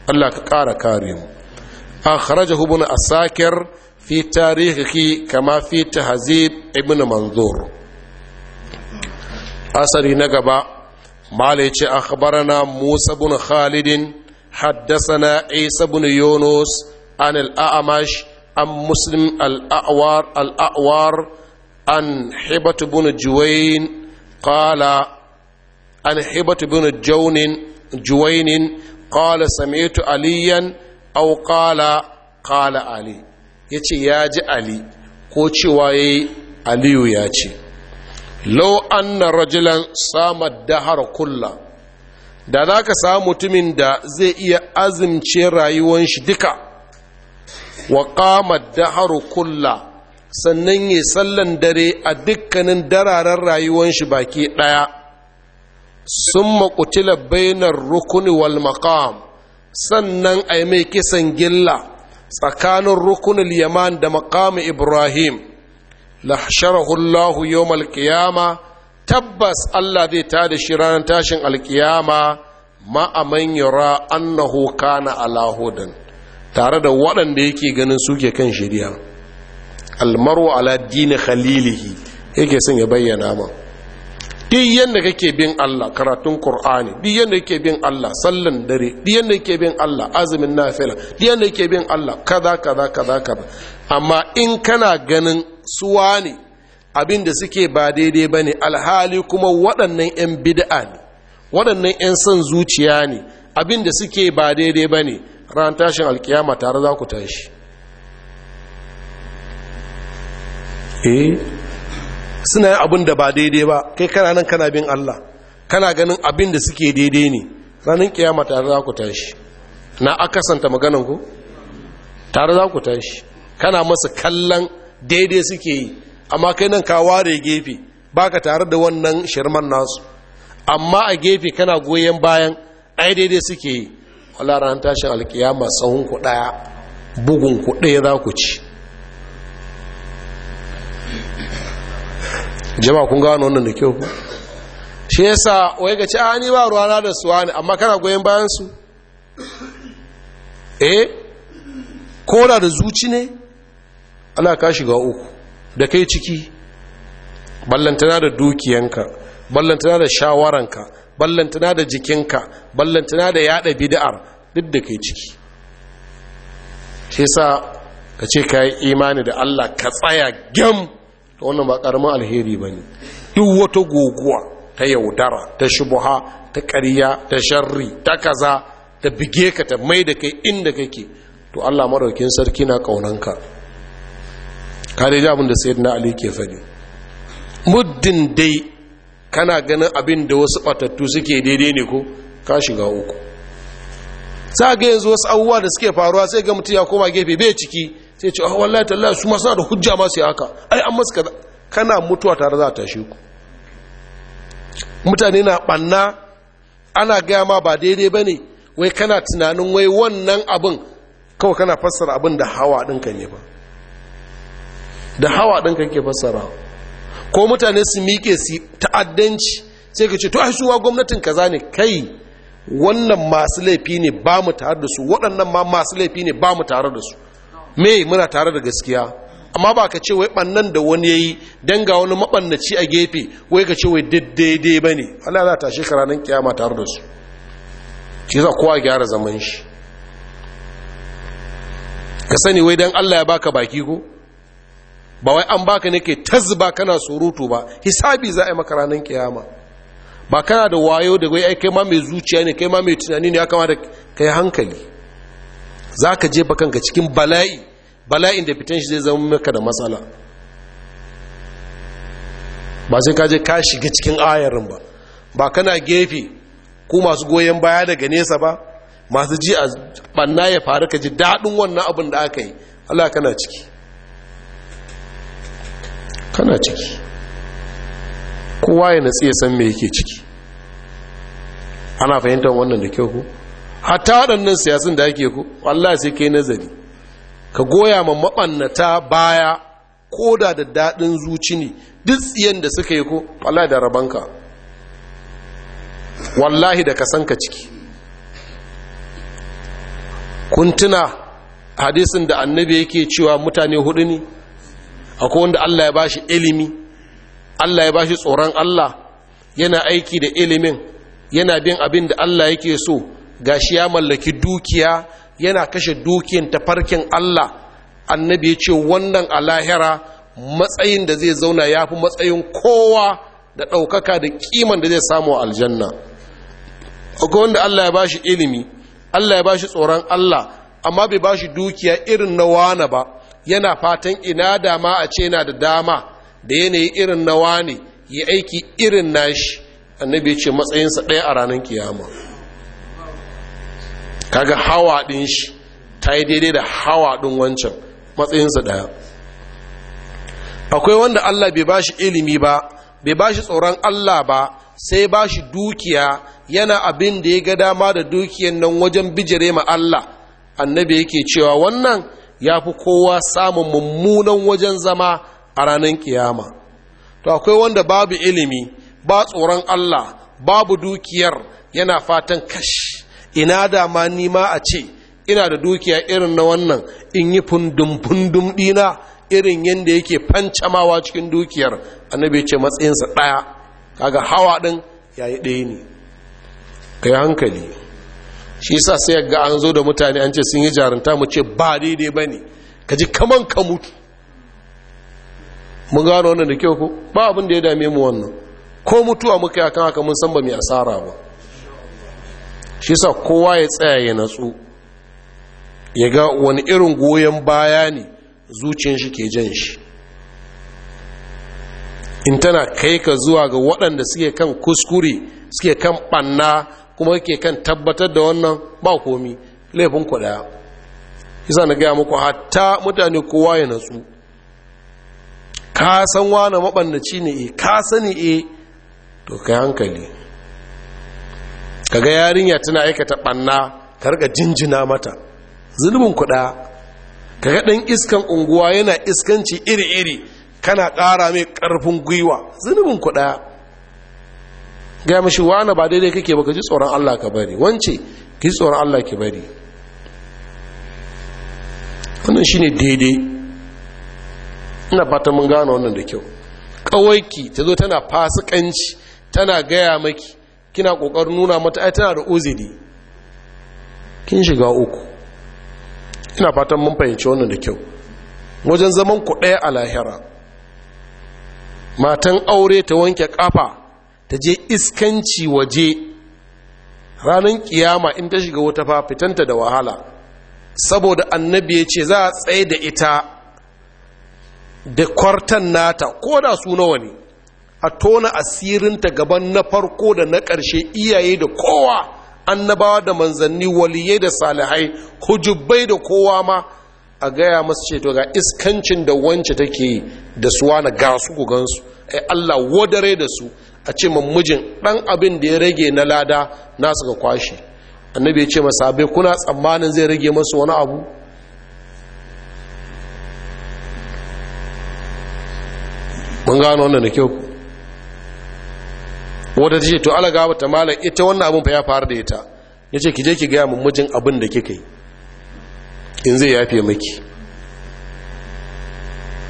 Allah ka ƙara kare mu akhrajahu ibn asakir fi tarihi kama fi tahzib ibn manzur asari na gaba mala yace na musa ibn khalid haddathana isa ibn yunus an al-a'mash am muslim al-a'war an hibat ibn juwayn qala sami'tu aliyan aw qala ali ya ce ya ji ali ko cewa ya yi aliyu ya ce lau anna rajulan samar dahar kulla da za ka samu mutumin da zai iya azimce rayuwan shi duka wa kamar dahar kulla sannan ya sallan dare a dukkanin dararen rayuwan shi baki ɗaya sun makutila bainar rukuni wal maqam sannan a yi mai kisan gilla tsakanin rukunin yaman da makamu ibrahim lahsharahullahu yawm tabbas Allah zai ta shi ranar tashin alkiyama ma aman yura annahu kana ala tare da waɗanda yake ganin suke kan shari'a almaru ala dini khalilihi yake son ya bayyana mu duk yadda kake bin Allah karatun Qur'ani duk yadda kake bin Allah sallan dare duk yadda kake bin Allah azumin nafila duk yadda kake bin Allah kaza kaza kaza kaza amma in kana ganin suwa ne abin da suke ba daidai ba ne alhali kuma waɗannan 'yan bid'a ne waɗannan 'yan son zuciya ne abin da suke ba daidai bane ne ran tashin alkiyama tare za ku tashi eh suna yin abin da ba daidai ba kai kana nan kana bin Allah kana ganin abin da suke daidai ne ranar kiyama tare za ku tashi na akasanta maganan ku tare za ku tashi kana masa kallon daidai suke yi amma kai nan ka ware gefe baka tare da wannan shirman nasu amma a gefe kana goyon bayan ai daidai suke yi wala ranar tashin alkiyama tsawon ku daya bugun ku daya za ku ci jama'a kun gano wannan da kyau shi yasa wai ga ci ah, ni ba ruwana da suwa ne amma kana goyon bayan su eh koda da zuci ne ana ka shiga uku da kai ciki ballantana da dukiyanka ballantana da shawaranka ballantana da jikinka ballantana da yada bid'ar duk da kai ciki shi yasa ka ce ka yi imani da Allah ka tsaya gam to wannan ba karamin alheri ba ne duk wata guguwa ta yaudara ta shubuha ta ƙarya ta sharri ta kaza ta bige ka ta mai da kai inda kake to Allah maraukin sarki na ƙaunanka ka dai ji abin da na ali ke faɗi muddin dai kana ganin abin da wasu batattu suke daidai ne ko ka shiga uku za ga yanzu wasu abubuwa da suke faruwa sai ga mutum ya koma gefe bai ciki sai ce ah, wallahi tallahi su ma da hujja ma sai haka ai an masu kana mutuwa tare za a shi ku mutane na banna ana gaya ma ba daidai ba ne wai kana tunanin wai wannan abin kawai kana fassara abin da hawa ɗinka ne ba da hawa ɗinka ke fassara ko mutane su miƙe su ta'addanci sai ka ce to ai suwa gwamnatin kaza ne kai wannan masu laifi ne ba mu tare da su waɗannan ma masu laifi ne ba mu tare da su me muna tare da gaskiya amma ba ka ce wai bannan da wani yayi dan ga wani mabannaci a gefe wai ka ce wai daidai bane Allah za ta tashi kiyama tare da su shi za kowa gyara zaman shi ka sani wai dan Allah ya baka baki ko ba wai an baka ne ke tazba kana surutu ba hisabi za a yi makaranin ranar kiyama ba kana da wayo da wai kai ma mai zuciya ne kai ma mai tunani ne ya kama da kai hankali za ka jefa kanka cikin bala'i bala'in da fitan shi zai zama maka da matsala ba sai ka je ka shiga cikin ayarin ba ba kana gefe ko masu goyon baya daga nesa ba masu ji a banna ya faru ka ji daɗin wannan abin da aka yi Allah kana ciki kana ciki kowa ya natsi ya san me yake ciki ana fahimtar wannan da kyau ku hatta waɗannan siyasun da ake ku Allah sai kai nazari ka goya ma maɓannata baya ko da da daɗin zuci ne duk tsiyan da suka yi ko wallahi da rabanka wallahi da ka san ka ciki kuntuna hadisin da annabi yake cewa mutane hudu ne akwai wanda Allah ya bashi ilimi Allah ya bashi tsoron Allah yana aiki da ilimin yana bin abin da Allah yake so gashi ya mallaki dukiya yana kashe dukiyan tafarkin Allah annabi ya ce wannan a lahira matsayin da zai zauna ya fi matsayin kowa da ɗaukaka da kiman da zai samu a aljanna akwai wanda Allah ya bashi ilimi Allah ya bashi tsoron Allah amma bai bashi dukiya irin na wane ba yana fatan ina dama a ce na da dama da yanayi irin na wane ya aiki irin nashi annabi ya ce matsayinsa ɗaya a ranar kiyama kaga hawa din shi ta yi daidai da hawa din wancan matsayinsa daya akwai wanda Allah bai bashi ilimi ba bai bashi tsoron Allah ba sai bashi dukiya yana abin da ya ga dama da dukiyan nan wajen bijire ma Allah annabi yake cewa wannan ya fi kowa samun mummunan wajen zama a ranar kiyama to akwai wanda babu ilimi ba tsoron Allah babu dukiyar yana fatan kashi ina da ma nima a ce ina da dukiya irin na wannan in yi fundum-fundum ɗina irin yadda yake fancamawa cikin dukiyar annabi ce matsayinsa ɗaya kaga hawa ɗin yi ɗaya ne Ka yi hankali shi sa sai ga an zo da mutane an ce sun yi jarunta mu ce ba daidai ba ne ka ji kaman ka mutu mun gano wannan da kyau ko ba abin da ya dame mu wannan ko mutuwa muka yi akan haka mun san ba mai asara ba shi sa kowa ya tsaya ya natsu ya ga wani irin goyon baya ne zuciyar shi ke jan shi in tana kai ka zuwa ga waɗanda suke kan kuskure suke kan ɓanna kuma ke kan tabbatar da wannan ba komi laifin ku ɗaya isa na gaya muku hatta mutane kowa ya natsu ka san wane maɓannaci ne e ka sani e to kai hankali kaga yarinya tana aikata banna ka rika jinjina mata zulmin kuɗa kaga ɗan iskan unguwa yana iskanci iri-iri kana kara mai karfin gwiwa zulmin kuɗa ga mashi wani ba daidai kake ba ka ji tsoron allah ka bari wance ka tsoron allah ki bari wannan shine daidai ina fata mun gano wannan da kyau kawai ki ta tana fasikanci tana gaya maki kina kokarin nuna mata ai tana da uzuri kin shiga uku ina fatan mun fahimci wannan da kyau wajen zaman ku daya a lahira matan aure ta wanke kafa ta je iskanci waje ranar kiyama in ta shiga wata fa fitanta da wahala saboda annabi ya ce za a tsaye da ita da kwartan nata ko da su nawa ne a tona asirinta gaban na farko da na ƙarshe iyaye da kowa an annabawa da manzanni waliyai da salihai hujubbai da kowa ma a gaya masu ce to ga iskancin da wance take yi da suwa na gasu ku gansu ai Allah wadare da su a ce mijin dan abin da ya rage na lada su ga kwashi annabi ya ce masa bai kuna tsammanin zai rage masu wani abu mun gano wannan da kyau wata ta ce to ala gaba ta malar ita wannan abin fa ya faru da ita ya ce ki je ki gaya mummujin mijin abin da kika yi in zai yafe maki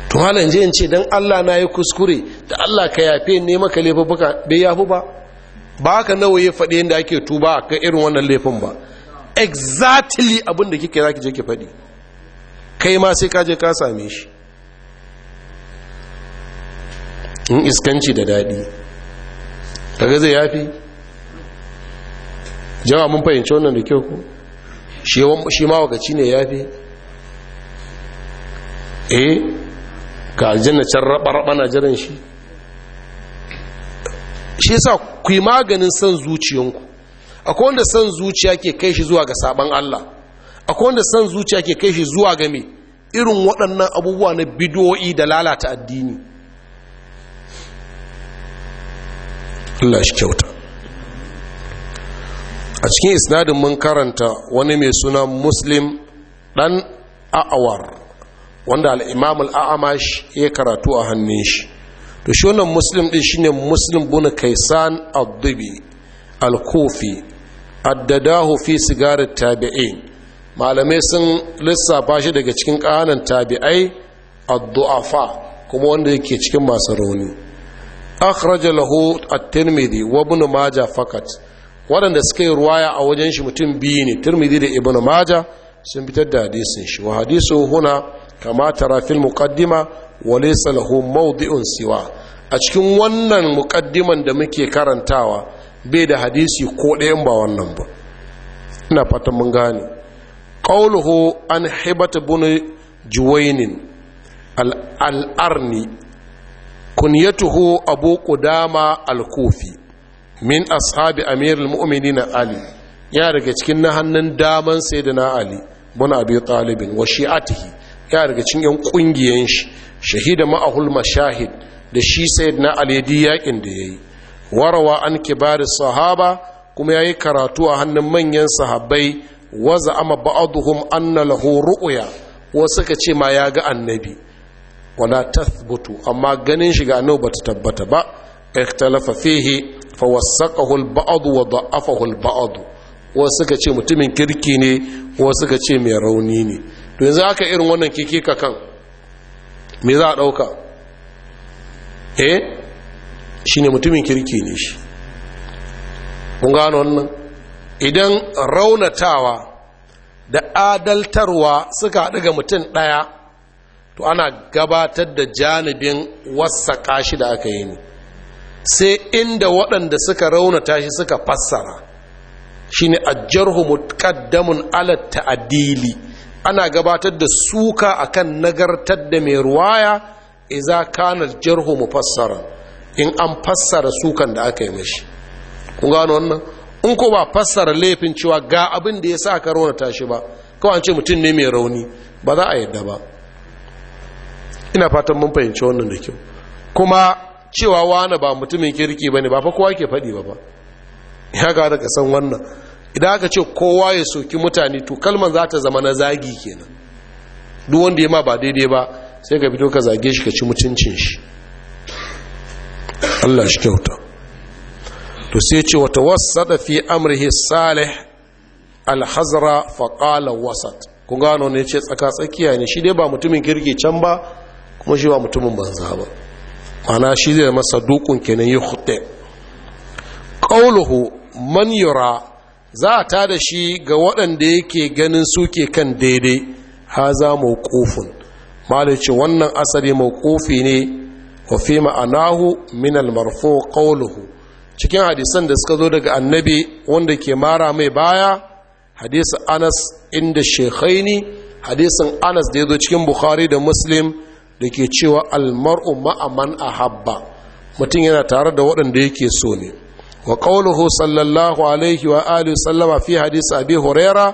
to halin je in ce don allah na yi kuskure da allah ka yafe ne maka laifuka bai yafu ba ba haka nawa faɗi yadda ake tuba ka irin wannan laifin ba exactly abin da kika za ki je ki faɗi kai ma sai ka je ka same shi in iskanci da daɗi kaga zai yafi jawa mun fahimci wannan da kyau ku shi ma wakaci ne yafi eh ka aljanna can raba-raba na jiran shi shi sa ku yi maganin son zuciyanku akwai wanda son zuciya ke kai shi zuwa ga sabon Allah akwai wanda son zuciya ke kai shi zuwa ga mai irin waɗannan abubuwa na bidoyi da lalata addini Allah shi kyauta a cikin isnadin mun karanta wani mai suna muslim dan a'awar wanda al'imam al'amash ya karatu a hannun shi to shi wannan muslim din shine muslim kai kaisan abdubi al kofi addadahu fi sigarar tabi'in malamai sun lissafa shi daga cikin ƙanan tabi'ai addu'afa kuma wanda yake cikin masu rauni akhraja lahu at-tirmidhi wa ibn fakat waɗanda suka yi ruwaya a wajen shi mutum biyu ne tirmidhi da ibn majah sun fitar da hadisin shi wa hadisu huna kama tara fil muqaddima lahu mawdi'un siwa a cikin wannan muƙaddiman da muke karantawa bai da hadisi ko ɗayan ba wannan ba ina fatan mun gane qawluhu an hibat ibn juwainin al kunyatuhu abu qudama al-kufi min ashabi amirul mu'minin ali ya daga cikin na hannun daman sayyidina ali bin abi talibin wa shi'atihi ya daga cikin yan kungiyen shi shahida ma'ahul mashahid da shi sayyidina ali di yakin da yayi warawa an kibar sahaba kuma yayi karatu a hannun manyan sahabbai waza ama ba'aduhum anna ru'ya wasu ka ce ma ya ga annabi wala tathbutu amma ganin shiga ga annabi bata tabbata ba ikhtalafa fihi fawassaqahu al-ba'd wa da'afahu al-ba'd wasu suka ce mutumin kirki ne wasu suka ce mai rauni ne to yanzu aka irin wannan kike ka kan me za a dauka eh shine mutumin kirki ne shi mun gano wannan idan raunatawa da adaltarwa suka haɗu ga mutum ɗaya to ana gabatar da janibin wasa kashi da aka yi ne sai inda waɗanda suka rauna tashi suka fassara shine jarhu muqaddamun ala ta'adili ana gabatar da suka akan nagartar da mai ruwaya idza kana jarhu mu fassara in an fassara sukan da aka yi mashi kun gano wannan in ko ba fassara laifin cewa ga abin da ya sa ka raunata shi ba kawai an ce mutum ne mai rauni ba za a yadda ba ina fatan mun fahimci wannan da kyau kuma cewa wani ba mutumin kirki ba ne ba fa kowa ke faɗi ba ba ya ga daga san wannan idan aka ce kowa ya soki mutane to kalman za ta zama na zagi kenan duk wanda ya ma ba daidai ba sai ka fito ka zage shi ka ci mutuncin shi Allah shi kyauta to sai ce wata wasada fi amrihi salih alhazra faqala wasat ku gano ne ce tsaka tsakiya ne shi dai ba mutumin kirki can ba kuma shi ba mutumin banza ba mana shi zai masa dukun kenan yi hudu ƙauluhu man yura za a tada shi ga waɗanda yake ganin suke kan daidai ha za mawqufun malice wannan asali mawqufi ne wa fi ma'anahu min al-marfu cikin hadisan da suka zo daga annabi wanda ke mara mai baya hadisi Anas inda shekhaini hadisin Anas da ya zo cikin Bukhari da Muslim da ke cewa almar'u ma'aman a habba mutum yana tare da waɗanda yake so ne wa ƙaunuhu sallallahu alaihi wa alihi sallama fi hadisa abi huraira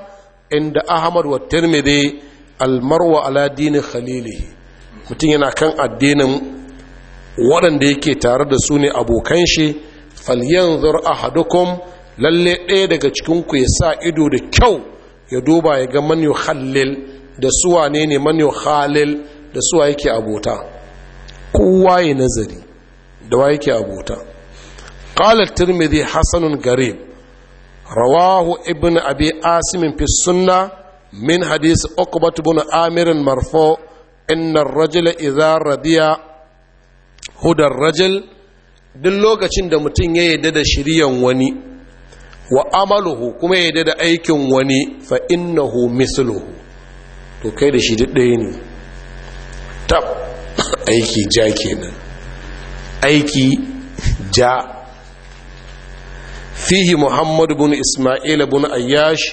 inda ahmad wa tirmidhi almarwa ala dinin khalilihi mutum yana kan addinin waɗanda yake tare da su ne abokan shi falyanzur ahadukum lalle ɗaya daga cikin ku ya sa ido da kyau ya duba ya ga man yukhallil da suwane ne man yukhalil da suwa yake abota kowa yi nazari da wa yake abota Ƙalar tirmidhi Hassanun garib rawahu ibn abi Asimin fi sunna min hadith uqbat ibn amir marfu inna ar-rajula idha radiya hudar rajul duk lokacin da mutum ya yarda da shiryan wani wa amaluhu kuma ya yarda da aikin wani fa innahu misluhu to kai da shi duk ɗaya ne tab aiki ja kenan aiki ja fihi muhammad bin isma'il bin ayyash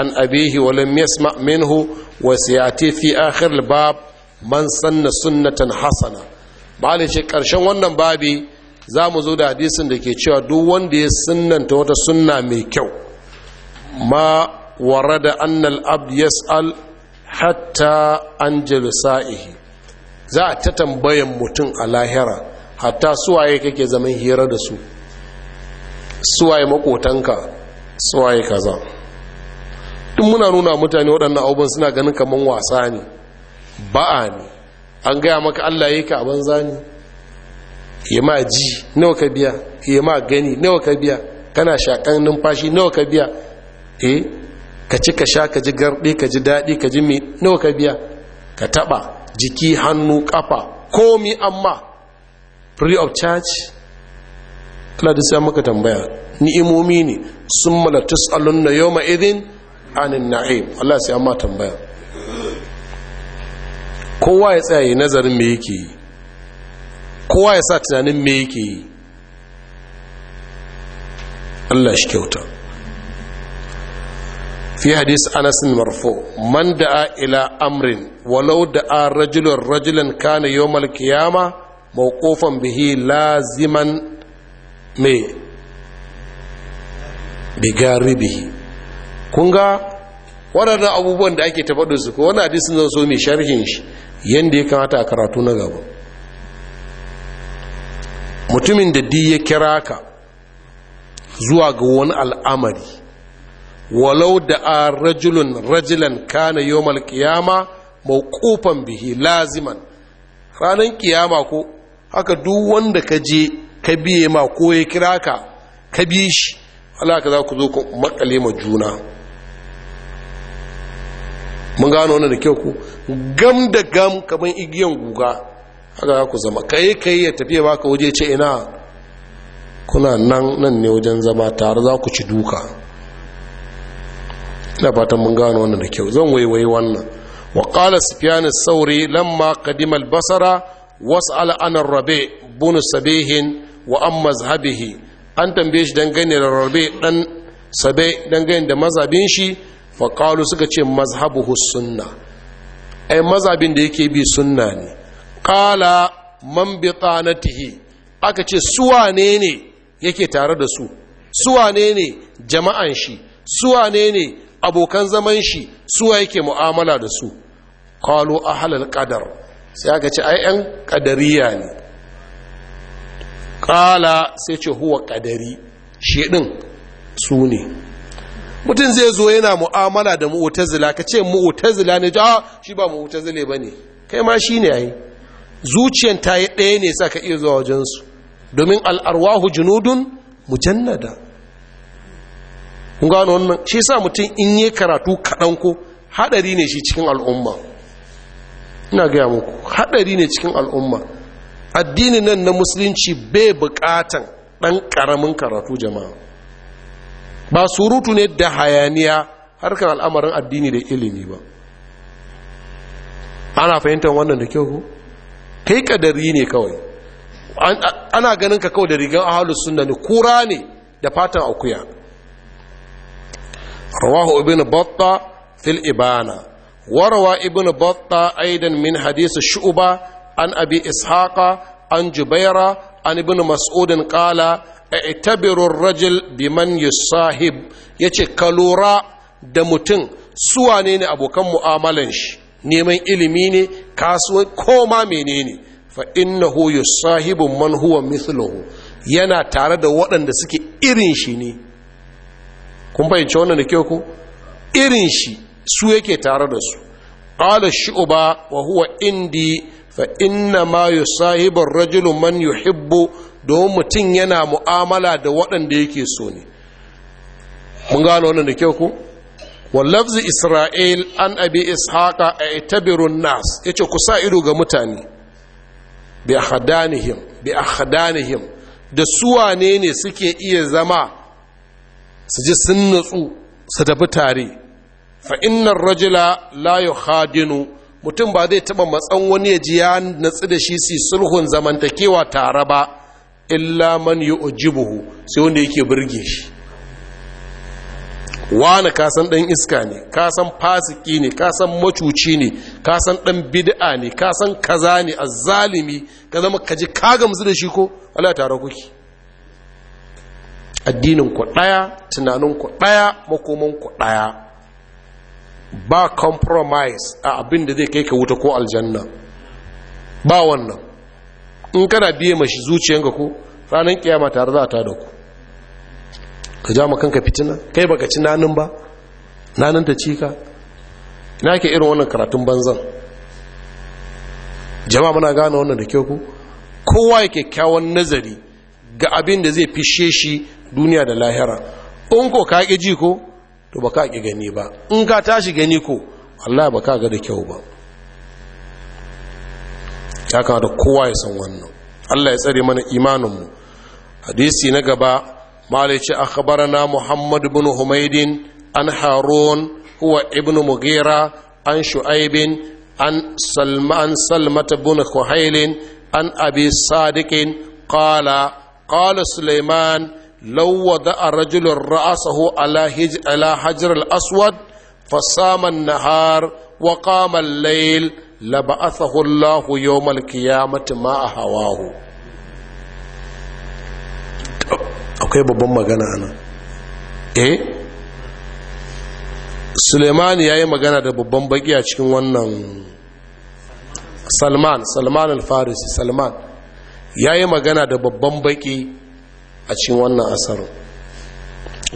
an abihi wa lam yasma minhu wa sayati fi akhir bab man sanna sunnatan hasana bale ce karshen wannan babi za mu zo da hadisin da ke cewa duk wanda ya sunnanta wata sunna mai kyau ma warada annal abd yas'al hatta an jalsa'ihi za a ta tambayan mutum a lahira hatta suwaye kake zaman hira da su suwaye makotanka suwaye kaza duk muna nuna mutane waɗannan abubuwan suna ganin kamar wasa ne ba'a ne an gaya maka allah ya ka abin zani. ya ma ji nawa ka biya ya ma gani nawa ka biya kana shakan numfashi nawa ka biya eh ka ci ka sha ka ji garɗe ka ji daɗi ka ji mai nawa ka biya ka taɓa jiki hannu kafa komi amma free of charge kada da sai muka tambaya ni'imomi ne sun mala na yau idhin anin na'im Allah sai amma tambaya kowa ya tsaya nazarin me yake yi kowa ya sa tunanin me yake yi Allah shi kyauta fi hadis anas marfo man da'a ila amrin walau da'a rajulun rajulan kana yawmal qiyama mawqufan bihi laziman me bigaribihi kun ga waɗannan abubuwan da ake tafaɗin su ko wani hadisin zan so mai sharhin shi yadda ya kamata a karatu na gaba mutumin da ya kira ka zuwa ga wani al'amari walau da a rajulun rajulan kana yawmal kiyama, mawqufan bihi laziman ranar kiyama ko haka duk wanda ka je ka biye ma ko ya kira ka ka bi shi Allah za ku zo ku makale ma juna mun gano wannan da kyau ku gam da gam kaman igiyan guga haka za ku zama kai kai ya tafiya baka waje ce ina kuna nan nan ne wajen zama tare za ku ci duka ina fatan mun gano wannan da kyau zan waiwayi wannan wa qala sufyan as-sauri lamma qadima al-basra was'al an ar-rabi bunu sabihin wa an mazhabihi an tambaye shi dangane da rabi dan sabai dangane da mazhabin shi fa qalu suka ce mazhabuhu sunna ai mazhabin da yake bi sunna ne qala man bi tanatihi aka ce suwa ne yake tare da su suwa ne jama'an shi Su ne abokan zaman shi suwa yake mu'amala da su a halal qadar sai aka ce ai yan kadariya ne kala sai ce huwa kadari shi din su ne mutum zai zo yana mu'amala da mu'tazila ka ce mu'tazila ne ah shi ba mu'tazile bane kai ma shi ne ai zuciyan ta yi ɗaya ne sa ka iya zuwa wajensu domin al'arwahu junudun mujannada kun gano wannan shi sa mutum in yi karatu kaɗan ko haɗari ne shi cikin al'umma ina gaya muku haɗari ne cikin al'umma addini nan na musulunci bai buƙatan ɗan ƙaramin karatu jama'a ba surutu ne da hayaniya harkar al'amarin addini da ilimi ba ana fahimtar wannan da kyau kai kadari ne kawai ana ganin ka kawai da rigar ahalus sunna ne kura ne da fatan akuya rawahu ibn batta fil ibana warawa ibn batta aidan min hadisi shu'ba an abi ishaqa an jubaira mas'udin qala i'tabiru ar-rajul biman yusahib yace kalora da mutum suwa ne ne abokan mu'amalan shi neman ilimi ne Kasuwa koma menene fa innahu yusahibu man huwa mithluhu yana tare da waɗanda suke irin shi ne kun fahimci wannan da kyau ku? irin shi su yake tare da su qala shu'ba wa huwa indi fa inna ma yusahibu ar-rajulu man yuhibbu domin mutum yana mu'amala da waɗanda yake so ne mun gano wannan da kyau Wa wallafzi isra'il an abi ishaqa a itabirun nas yace ku sa ido ga mutane bi ahdanihim bi ahdanihim da suwane ne suke iya zama su ji sun nutsu su tafi tare fa innan rajula la yukhadinu mutum ba zai taɓa matsan wani ya ji ya natsu da shi si sulhun zamantakewa tare ba illa man yu'jibuhu sai wanda yake burge shi wani kasan ɗan iska ne kasan fasiki ne kasan macuci ne kasan ɗan bid'a ne kasan kaza ne azzalimi ka zama kaji ka gamsu da shi ko Allah tare kuki addinin ku ɗaya tunanin ku ɗaya makoman ku ɗaya ba compromise a abin da zai kai ka wuta ko aljanna ba wannan in kana biye mashi zuciyanka ko ranar kiyama tare za ta da ku ka ja ma kanka fitina kai baka ci nanin ba nanin ta ci ina ke irin wannan karatun banzan jama'a muna gane wannan da kyau ku kowa ya kyakkyawan nazari ga abin da zai fishe shi duniya da lahira in ko ka ƙi ji ko to ba ka ƙi gani ba in ka tashi gani ko Allah ba ka ga da kyau ba ya kama da kowa ya san wannan Allah ya tsare mana imaninmu hadisi na gaba a khabarana Muhammadu bin humaydin an harun huwa ibn Mugera, an shu'aibin an salman salmata ibn khuhailin an abi sadiqin qala qala sulaiman law wada'a rajulun aswad fasama an-nahar akwai babban magana anan eh suleiman ya yi magana da babban baki a cikin wannan salman salman al salman ya yi magana da babban baki a cikin wannan asar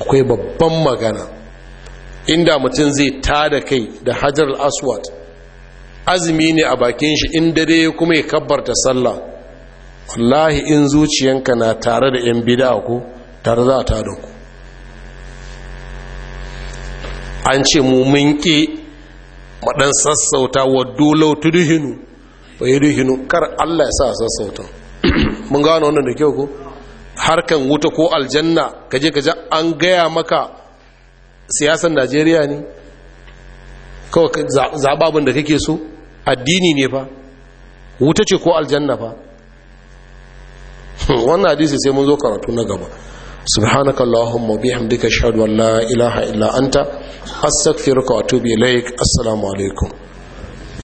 akwai babban magana inda mutum zai ta da kai da hajar aswad azumi ne a bakin shi in ya kuma ya kabbarta sallah wallahi in zuciyanka na tare da 'yan bida ku tare za ta da ku an ce mu mun ƙi maɗan sassauta wa dolau tudihinu bai kar allah ya sa sassautan mun gano wannan da kyau ko harkan wuta ko aljanna kaje kaje an gaya maka siyasar najeriya ne kawai zaɓa da kake so addini ne fa wuta ce ko aljanna fa wannan hadisi sai mun zo karatu na gaba سبحانك اللهم وبحمدك اشهد ان لا اله الا انت استغفرك واتوب اليك السلام عليكم